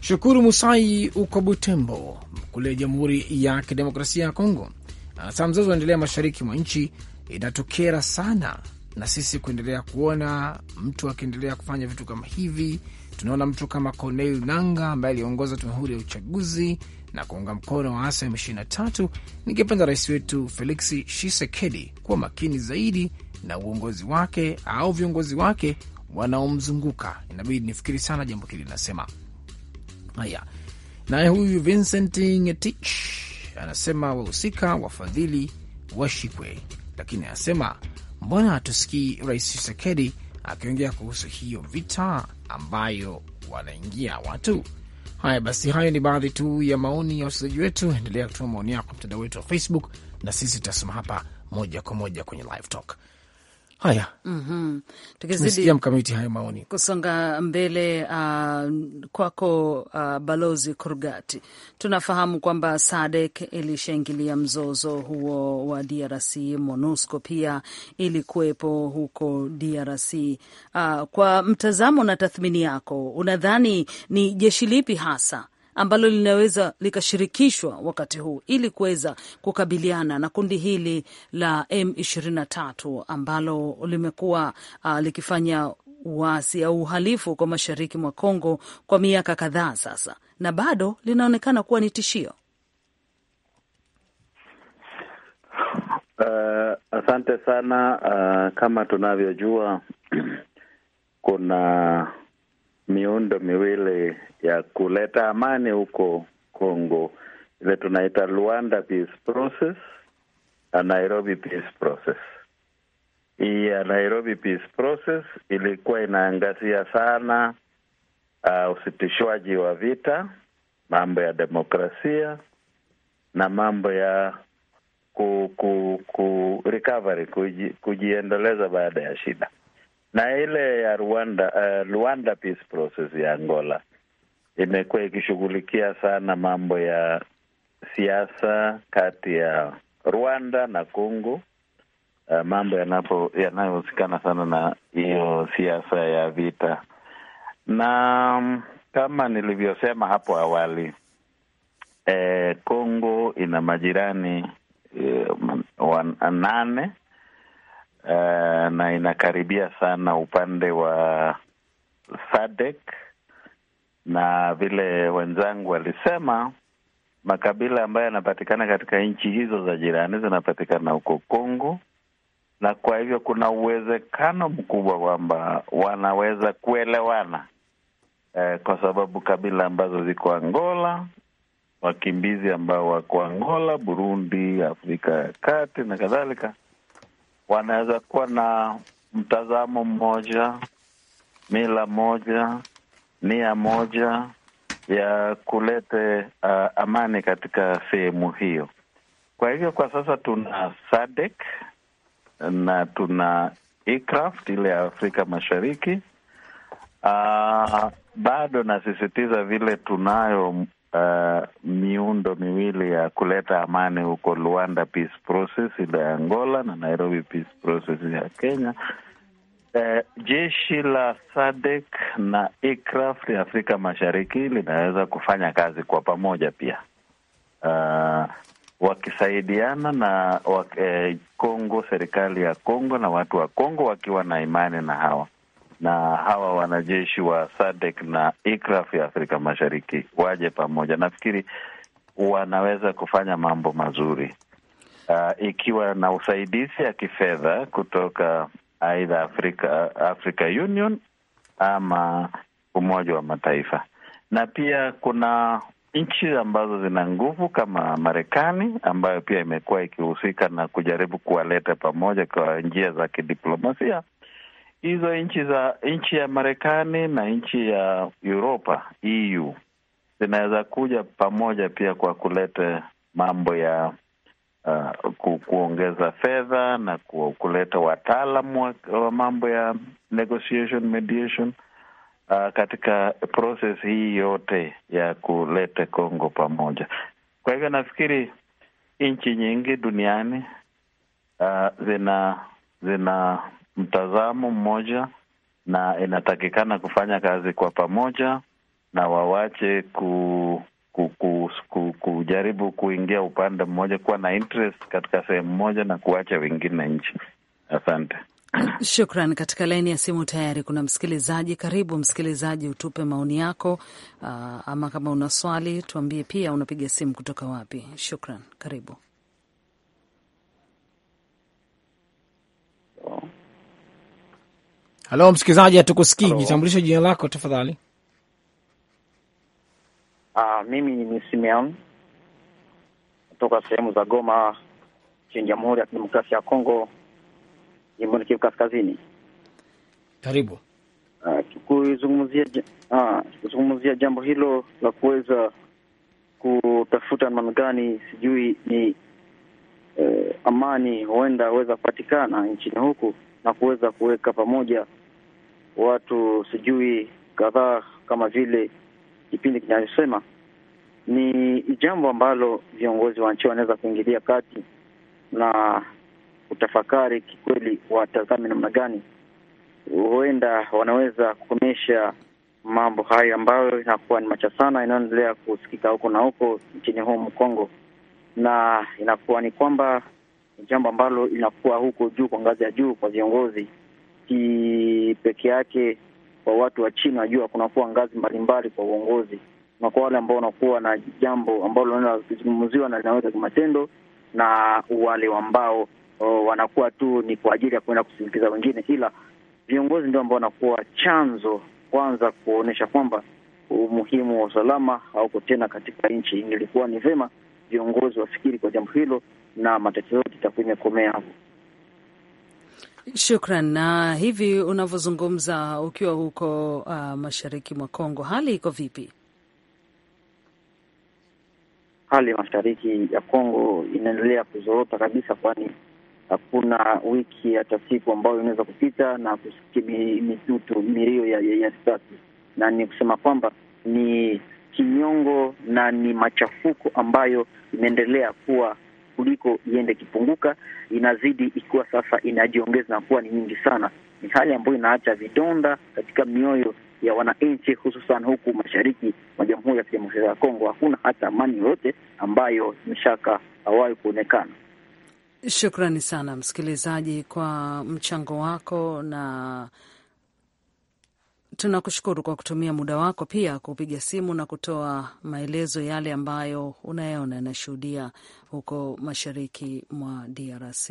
Shukuru Musai uko Butembo kule Jamhuri ya Kidemokrasia ya Kongo anasema mzozo unaendelea mashariki mwa nchi, inatokera sana na sisi kuendelea kuona mtu akiendelea kufanya vitu kama hivi. Tunaona mtu kama Cornel nanga ambaye aliongoza tume huru ya uchaguzi na kuunga mkono waasi wa M23, ningependa rais wetu Felix Tshisekedi kuwa makini zaidi na uongozi wake au viongozi wake wanaomzunguka. Inabidi nifikiri sana jambo hili, nasema haya. Naye huyu Vincent Ngetich anasema wahusika wafadhili washikwe, lakini anasema mbona hatusikii rais Tshisekedi akiongea kuhusu hiyo vita ambayo wanaingia watu Haya basi, hayo ni baadhi tu ya maoni ya wasikilizaji wetu. Endelea kutuma maoni yako mtandao wetu wa Facebook na sisi tutasoma hapa moja kwa moja kwenye live talk. Haya, mm -hmm. mkamiti hayo maoni kusonga mbele uh, kwako uh, balozi Kurgati, tunafahamu kwamba SADC ilishaingilia mzozo huo wa DRC. MONUSCO pia ilikuwepo huko DRC. Uh, ah, kwa mtazamo na tathmini yako, unadhani ni jeshi lipi hasa ambalo linaweza likashirikishwa wakati huu ili kuweza kukabiliana na kundi hili la M23 ambalo limekuwa uh, likifanya uasi au uhalifu kwa mashariki mwa Kongo kwa miaka kadhaa sasa, na bado linaonekana kuwa ni tishio. Uh, asante sana. Uh, kama tunavyojua kuna miundo miwili ya kuleta amani huko Congo, ile tunaita Luanda Peace Process na Nairobi Peace Process. Hii ya Nairobi Peace Process ilikuwa inaangazia sana uh, usitishwaji wa vita, mambo ya demokrasia na mambo ya ku, ku, ku recovery kuji, kujiendeleza baada ya shida na ile ya Rwanda, uh, eh, Rwanda peace process ya Angola imekuwa ikishughulikia sana mambo ya siasa kati ya Rwanda na Kongo, uh, eh, mambo yanayohusikana sana na hiyo siasa ya vita, na mm, kama nilivyosema hapo awali Kongo eh, ina majirani eh, nane uh, na inakaribia sana upande wa SADC na vile wenzangu walisema makabila ambayo yanapatikana katika nchi hizo za jirani zinapatikana huko Kongo, na kwa hivyo kuna uwezekano mkubwa kwamba wanaweza kuelewana eh, kwa sababu kabila ambazo ziko Angola, wakimbizi ambao wako Angola, Burundi, Afrika ya Kati na kadhalika wanaweza kuwa na mtazamo mmoja, mila moja, nia moja ya kulete uh, amani katika sehemu hiyo. Kwa hivyo kwa sasa tuna SADC na tuna ECRAFT ile ya Afrika Mashariki. Uh, bado nasisitiza vile tunayo uh, miundo miwili ya kuleta amani huko Luanda, peace process ile ya Angola na Nairobi peace process ya Kenya. Uh, jeshi la SADC na ECRAFT ya Afrika Mashariki linaweza kufanya kazi kwa pamoja pia, uh, wakisaidiana na wak, eh, Kongo, serikali ya Kongo na watu wa Kongo wakiwa na imani na hawa na hawa wanajeshi wa SADC na IKRAF ya Afrika Mashariki waje pamoja. Nafikiri wanaweza kufanya mambo mazuri uh, ikiwa na usaidizi ya kifedha kutoka aidha Afrika, Africa Union ama Umoja wa Mataifa, na pia kuna nchi ambazo zina nguvu kama Marekani ambayo pia imekuwa ikihusika na kujaribu kuwaleta pamoja kwa njia za kidiplomasia hizo nchi za nchi ya Marekani na nchi ya Uropa EU zinaweza kuja pamoja pia kwa kuleta mambo ya uh, kuongeza fedha na kuleta wataalam wa, wa mambo ya negotiation mediation uh, katika proses hii yote ya kuleta congo pamoja. Kwa hivyo nafikiri nchi nyingi duniani uh, zina zina mtazamo mmoja, na inatakikana kufanya kazi kwa pamoja na wawache ku, ku, ku, ku, kujaribu kuingia upande mmoja, kuwa na interest katika sehemu moja na kuacha wengine nje. Asante. Shukran. Katika laini ya simu tayari kuna msikilizaji. Karibu msikilizaji, utupe maoni yako. Uh, ama kama una swali tuambie pia unapiga simu kutoka wapi. Shukran, karibu. Halo msikilizaji, hatukusikii. Jitambulishe jina lako tafadhali. Uh, mimi ni Simeon kutoka sehemu za Goma chini Jamhuri ya Kidemokrasia ya Kongo, jimboni Kivu Kaskazini. Karibu. Uh, ah, kuzungumzia uh, ah, jambo hilo la kuweza kutafuta namna gani sijui ni uh, amani huenda aweza kupatikana nchini huku na kuweza kuweka pamoja watu sijui kadhaa kama vile kipindi kinachosema, ni jambo ambalo viongozi wa nchi wanaweza kuingilia kati na utafakari kikweli, watazame namna gani huenda wanaweza kukomesha mambo hayo ambayo inakuwa ni macha sana, inayoendelea kusikika huko na huko nchini humu Kongo, na inakuwa ni kwamba jambo ambalo inakuwa huko juu kwa ngazi ya juu kwa viongozi, si peke yake kwa watu wa chini. Najua kunakuwa ngazi mbalimbali kwa uongozi, na kwa wale ambao wanakuwa na jambo ambalo kuzungumziwa na linaweza kimatendo, na wale ambao wanakuwa tu ni kwa ajili ya kuenda kusindikiza wengine, ila viongozi ndio ambao wanakuwa chanzo kwanza kuonyesha kwamba umuhimu wa usalama hauko tena katika nchi. Ilikuwa ni vema viongozi wafikiri kwa jambo hilo na matatizo yote itakuwa imekomea hapo. Shukran. Na hivi unavyozungumza ukiwa huko uh, mashariki mwa Kongo, hali iko vipi? Hali mashariki ya Kongo inaendelea kuzorota kabisa, kwani hakuna wiki hata siku ambayo inaweza kupita na kusikia mitutu milio ya, ya, ya risasi, na ni kusema kwamba ni kinyongo na ni machafuko ambayo imeendelea kuwa kuliko iende ikipunguka, inazidi ikiwa sasa inajiongeza na kuwa ni nyingi sana. Ni hali ambayo inaacha vidonda katika mioyo ya wananchi, hususan huku mashariki mwa Jamhuri ya Kidemokrasia ya Kongo. Hakuna hata amani yoyote ambayo imeshaka hawahi kuonekana. Shukrani sana msikilizaji kwa mchango wako na Tunakushukuru kwa kutumia muda wako pia kupiga simu na kutoa maelezo yale ambayo unayaona yanashuhudia huko mashariki mwa DRC.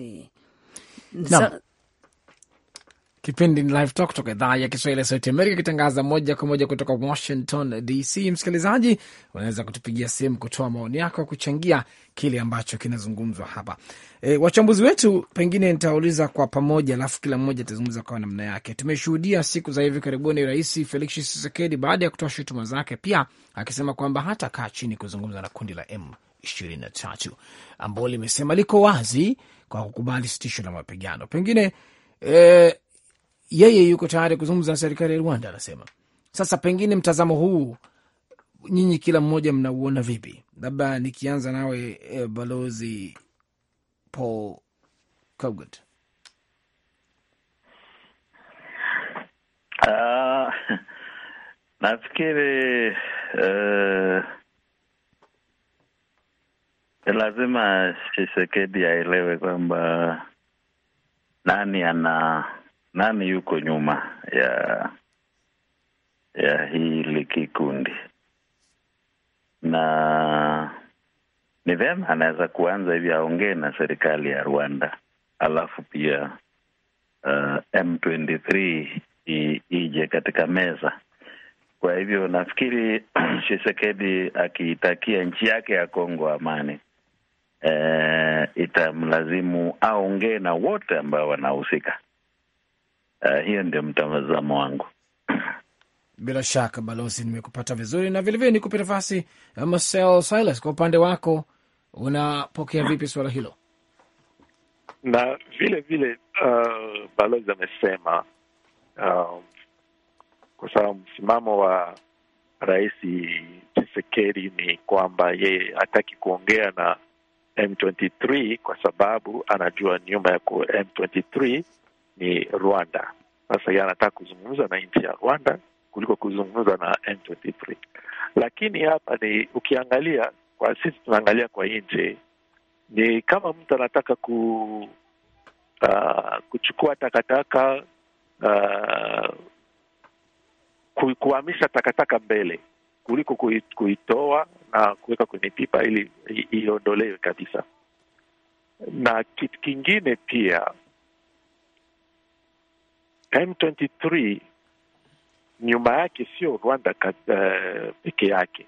Kipindi ni Live Talk kutoka idhaa ya Kiswahili ya Sauti Amerika, ikitangaza moja kwa moja kutoka Washington DC. Msikilizaji, unaweza kutupigia simu kutoa maoni yako, kuchangia kile ambacho kinazungumzwa hapa. E, wachambuzi wetu pengine nitauliza kwa pamoja, alafu kila mmoja atazungumza kwa namna yake. Tumeshuhudia siku za hivi karibuni Rais Felix Tshisekedi baada ya kutoa shutuma zake, pia akisema kwamba hata kaa chini kuzungumza na kundi la M23 ambao limesema liko wazi kwa kukubali sitisho la mapigano. Pengine e, yeye yuko tayari kuzungumza na serikali ya Rwanda, anasema. Sasa pengine mtazamo huu nyinyi kila mmoja mnauona vipi? Labda nikianza nawe e, balozi Paul Kogut. Uh, ah, nafikiri uh, lazima Tshisekedi aelewe kwamba nani ana nani yuko nyuma ya ya hili kikundi, na ni vyema anaweza kuanza hivi aongee na serikali ya Rwanda, alafu pia uh, M23 i, ije katika meza. Kwa hivyo nafikiri Shisekedi akiitakia nchi yake ya Kongo amani e, itamlazimu aongee na wote ambao wanahusika Uh, hiyo ndio mtazamo wangu. Bila shaka balozi, nimekupata vizuri na vilevile nikupe nafasi eh, Marcel Silas, kwa upande wako unapokea vipi suala hilo? Na vile vile uh, balozi amesema uh, kwa sababu msimamo wa Rais Tshisekedi ni kwamba yeye hataki kuongea na M23 kwa sababu anajua nyuma ya M23 ni Rwanda. Sasa yeye anataka kuzungumza na nchi ya Rwanda kuliko kuzungumza na M23, lakini hapa ni ukiangalia kwa sisi tunaangalia kwa nje, ni kama mtu anataka ku uh, kuchukua takataka uh, kuhamisha takataka mbele kuliko kuitoa na kuweka kwenye pipa ili iondolewe kabisa. Na kitu kingine pia M23 nyuma yake sio Rwanda eh, peke yake.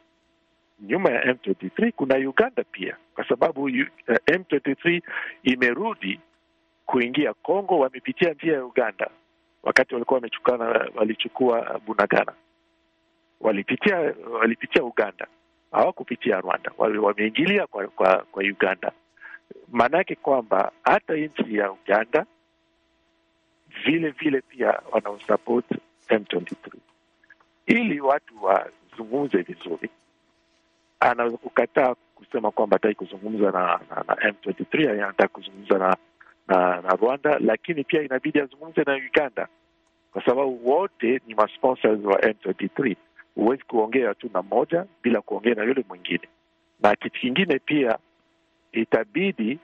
Nyuma ya M23 kuna Uganda pia, kwa sababu uh, eh, M23 imerudi kuingia Kongo, wamepitia njia ya Uganda wakati walikuwa wamechukana, walichukua Bunagana, walipitia walipitia Uganda, hawakupitia Rwanda, wameingilia kwa, kwa, kwa Uganda. Maana yake kwamba hata nchi ya Uganda vile vile pia wanaosupport M23 ili watu wazungumze vizuri. kukataa kusema kwamba hataki kuzungumza na, na, na M23, anataka kuzungumza na, na na Rwanda, lakini pia inabidi azungumze na Uganda kwa sababu wote ni masponsors wa M23. Huwezi kuongea tu na moja bila kuongea na yule mwingine. Na kitu kingine pia itabidi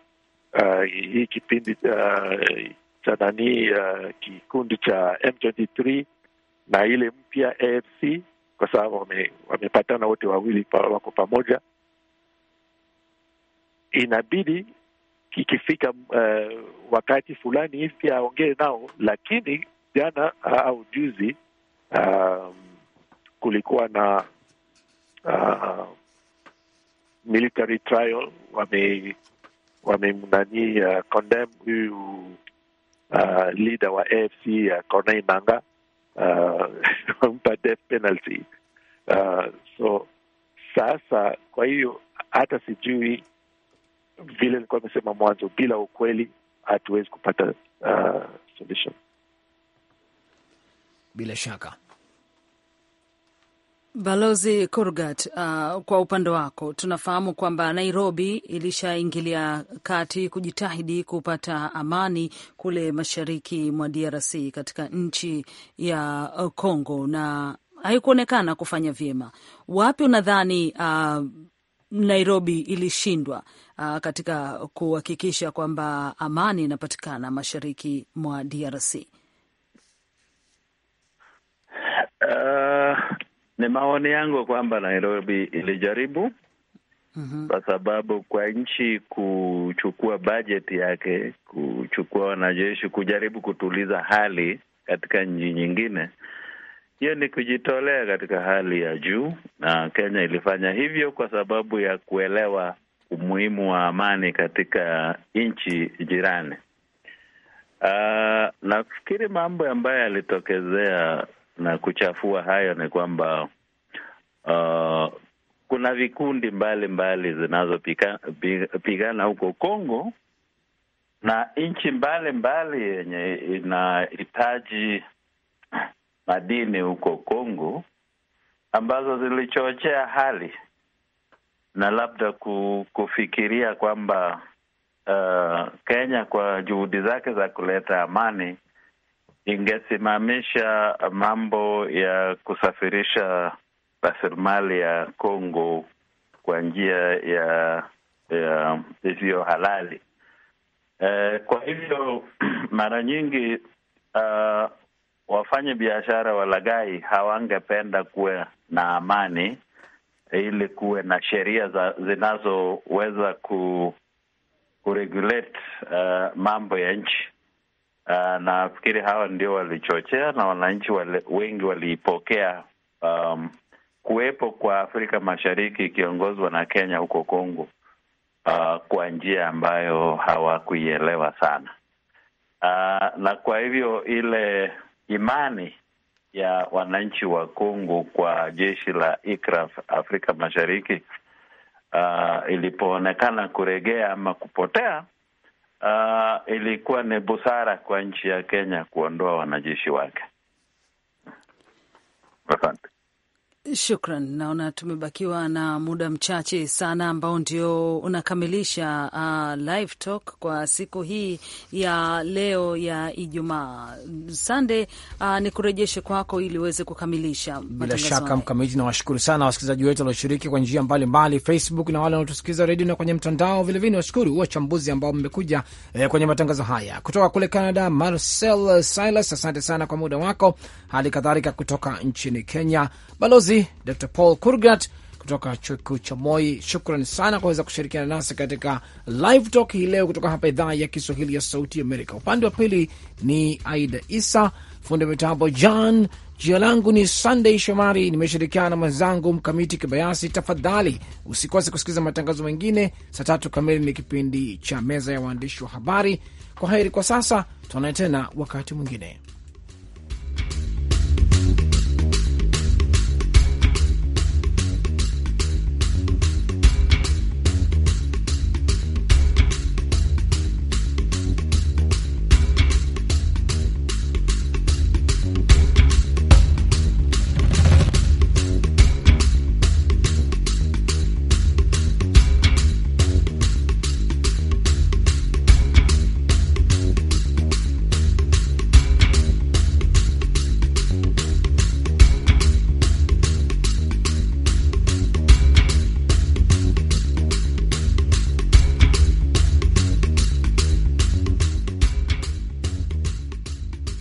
uh, hii kipindi uh, cha nani uh, kikundi cha M23 na ile mpya AFC kwa sababu wame, wamepatana wote wawili pa, wako pamoja. Inabidi ikifika uh, eh, wakati fulani hivi aongee nao, lakini jana au juzi uh, kulikuwa na uh, military trial wame wamemnani uh, eh, condemn huyu uh, leader wa AFC uh, Corneille Manga wampa uh, death penalty uh, so sasa, kwa hiyo hata sijui vile nilikuwa nimesema mwanzo, bila ukweli hatuwezi kupata uh, solution bila shaka. Balozi Kurgat, uh, kwa upande wako tunafahamu kwamba Nairobi ilishaingilia kati kujitahidi kupata amani kule mashariki mwa DRC katika nchi ya uh, Congo na haikuonekana kufanya vyema. Wapi unadhani uh, Nairobi ilishindwa uh, katika kuhakikisha kwamba amani inapatikana mashariki mwa DRC? uh... Ni maoni yangu kwamba Nairobi ilijaribu mm-hmm. kwa sababu kwa nchi kuchukua bajeti yake, kuchukua wanajeshi, kujaribu kutuliza hali katika nchi nyingine, hiyo ni kujitolea katika hali ya juu, na Kenya ilifanya hivyo kwa sababu ya kuelewa umuhimu wa amani katika nchi jirani. Uh, nafikiri mambo ambayo yalitokezea na kuchafua hayo ni kwamba uh, kuna vikundi mbalimbali zinazopigana huko Kongo na nchi mbalimbali yenye inahitaji madini huko Kongo ambazo zilichochea hali na labda kufikiria kwamba uh, Kenya kwa juhudi zake za kuleta amani ingesimamisha mambo ya kusafirisha rasilimali ya Kongo kwa njia ya ya isiyo halali. E, kwa hivyo mara nyingi uh, wafanya biashara lagai hawangependa kuwe na amani ili kuwe na sheria zinazoweza ku, kuregulate uh, mambo ya nchi Uh, nafikiri hawa ndio walichochea na wananchi wale, wengi waliipokea um, kuwepo kwa Afrika Mashariki ikiongozwa na Kenya huko Kongo uh, kwa njia ambayo hawakuielewa sana uh, na kwa hivyo ile imani ya wananchi wa Kongo kwa jeshi la ICRAF Afrika Mashariki uh, ilipoonekana kuregea ama kupotea uh, ilikuwa ni busara kwa nchi ya Kenya kuondoa wanajeshi wake. Asante. Shukran, naona tumebakiwa na muda mchache sana ambao ndio unakamilisha uh, live talk kwa siku hii ya leo ya Ijumaa. Sande, uh, ni kurejeshe kwako ili uweze kukamilisha. Bila shaka mkamiti, na washukuru sana wasikilizaji wetu walioshiriki kwa njia mbalimbali, Facebook na wale wanaotusikiliza redio na kwenye mtandao vilevile. Washukuru wachambuzi ambao mmekuja eh, kwenye matangazo haya kutoka kule Canada. Marcel Silas, asante sana kwa muda wako, hali kadhalika kutoka nchini Kenya balozi muuguzi Dr Paul Kurgat kutoka chuo kikuu cha Moi. Shukran sana kuweza kushirikiana nasi katika live talk hii leo kutoka hapa idhaa ya Kiswahili ya Sauti Amerika. Upande wa pili ni Aida Isa, fundi mitambo John. Jina langu ni Sunday Shomari, nimeshirikiana na mwenzangu Mkamiti Kibayasi. Tafadhali usikose kusikiliza matangazo mengine. Saa tatu kamili ni kipindi cha Meza ya Waandishi wa Habari. Kwa heri kwa sasa, tuonane tena wakati mwingine.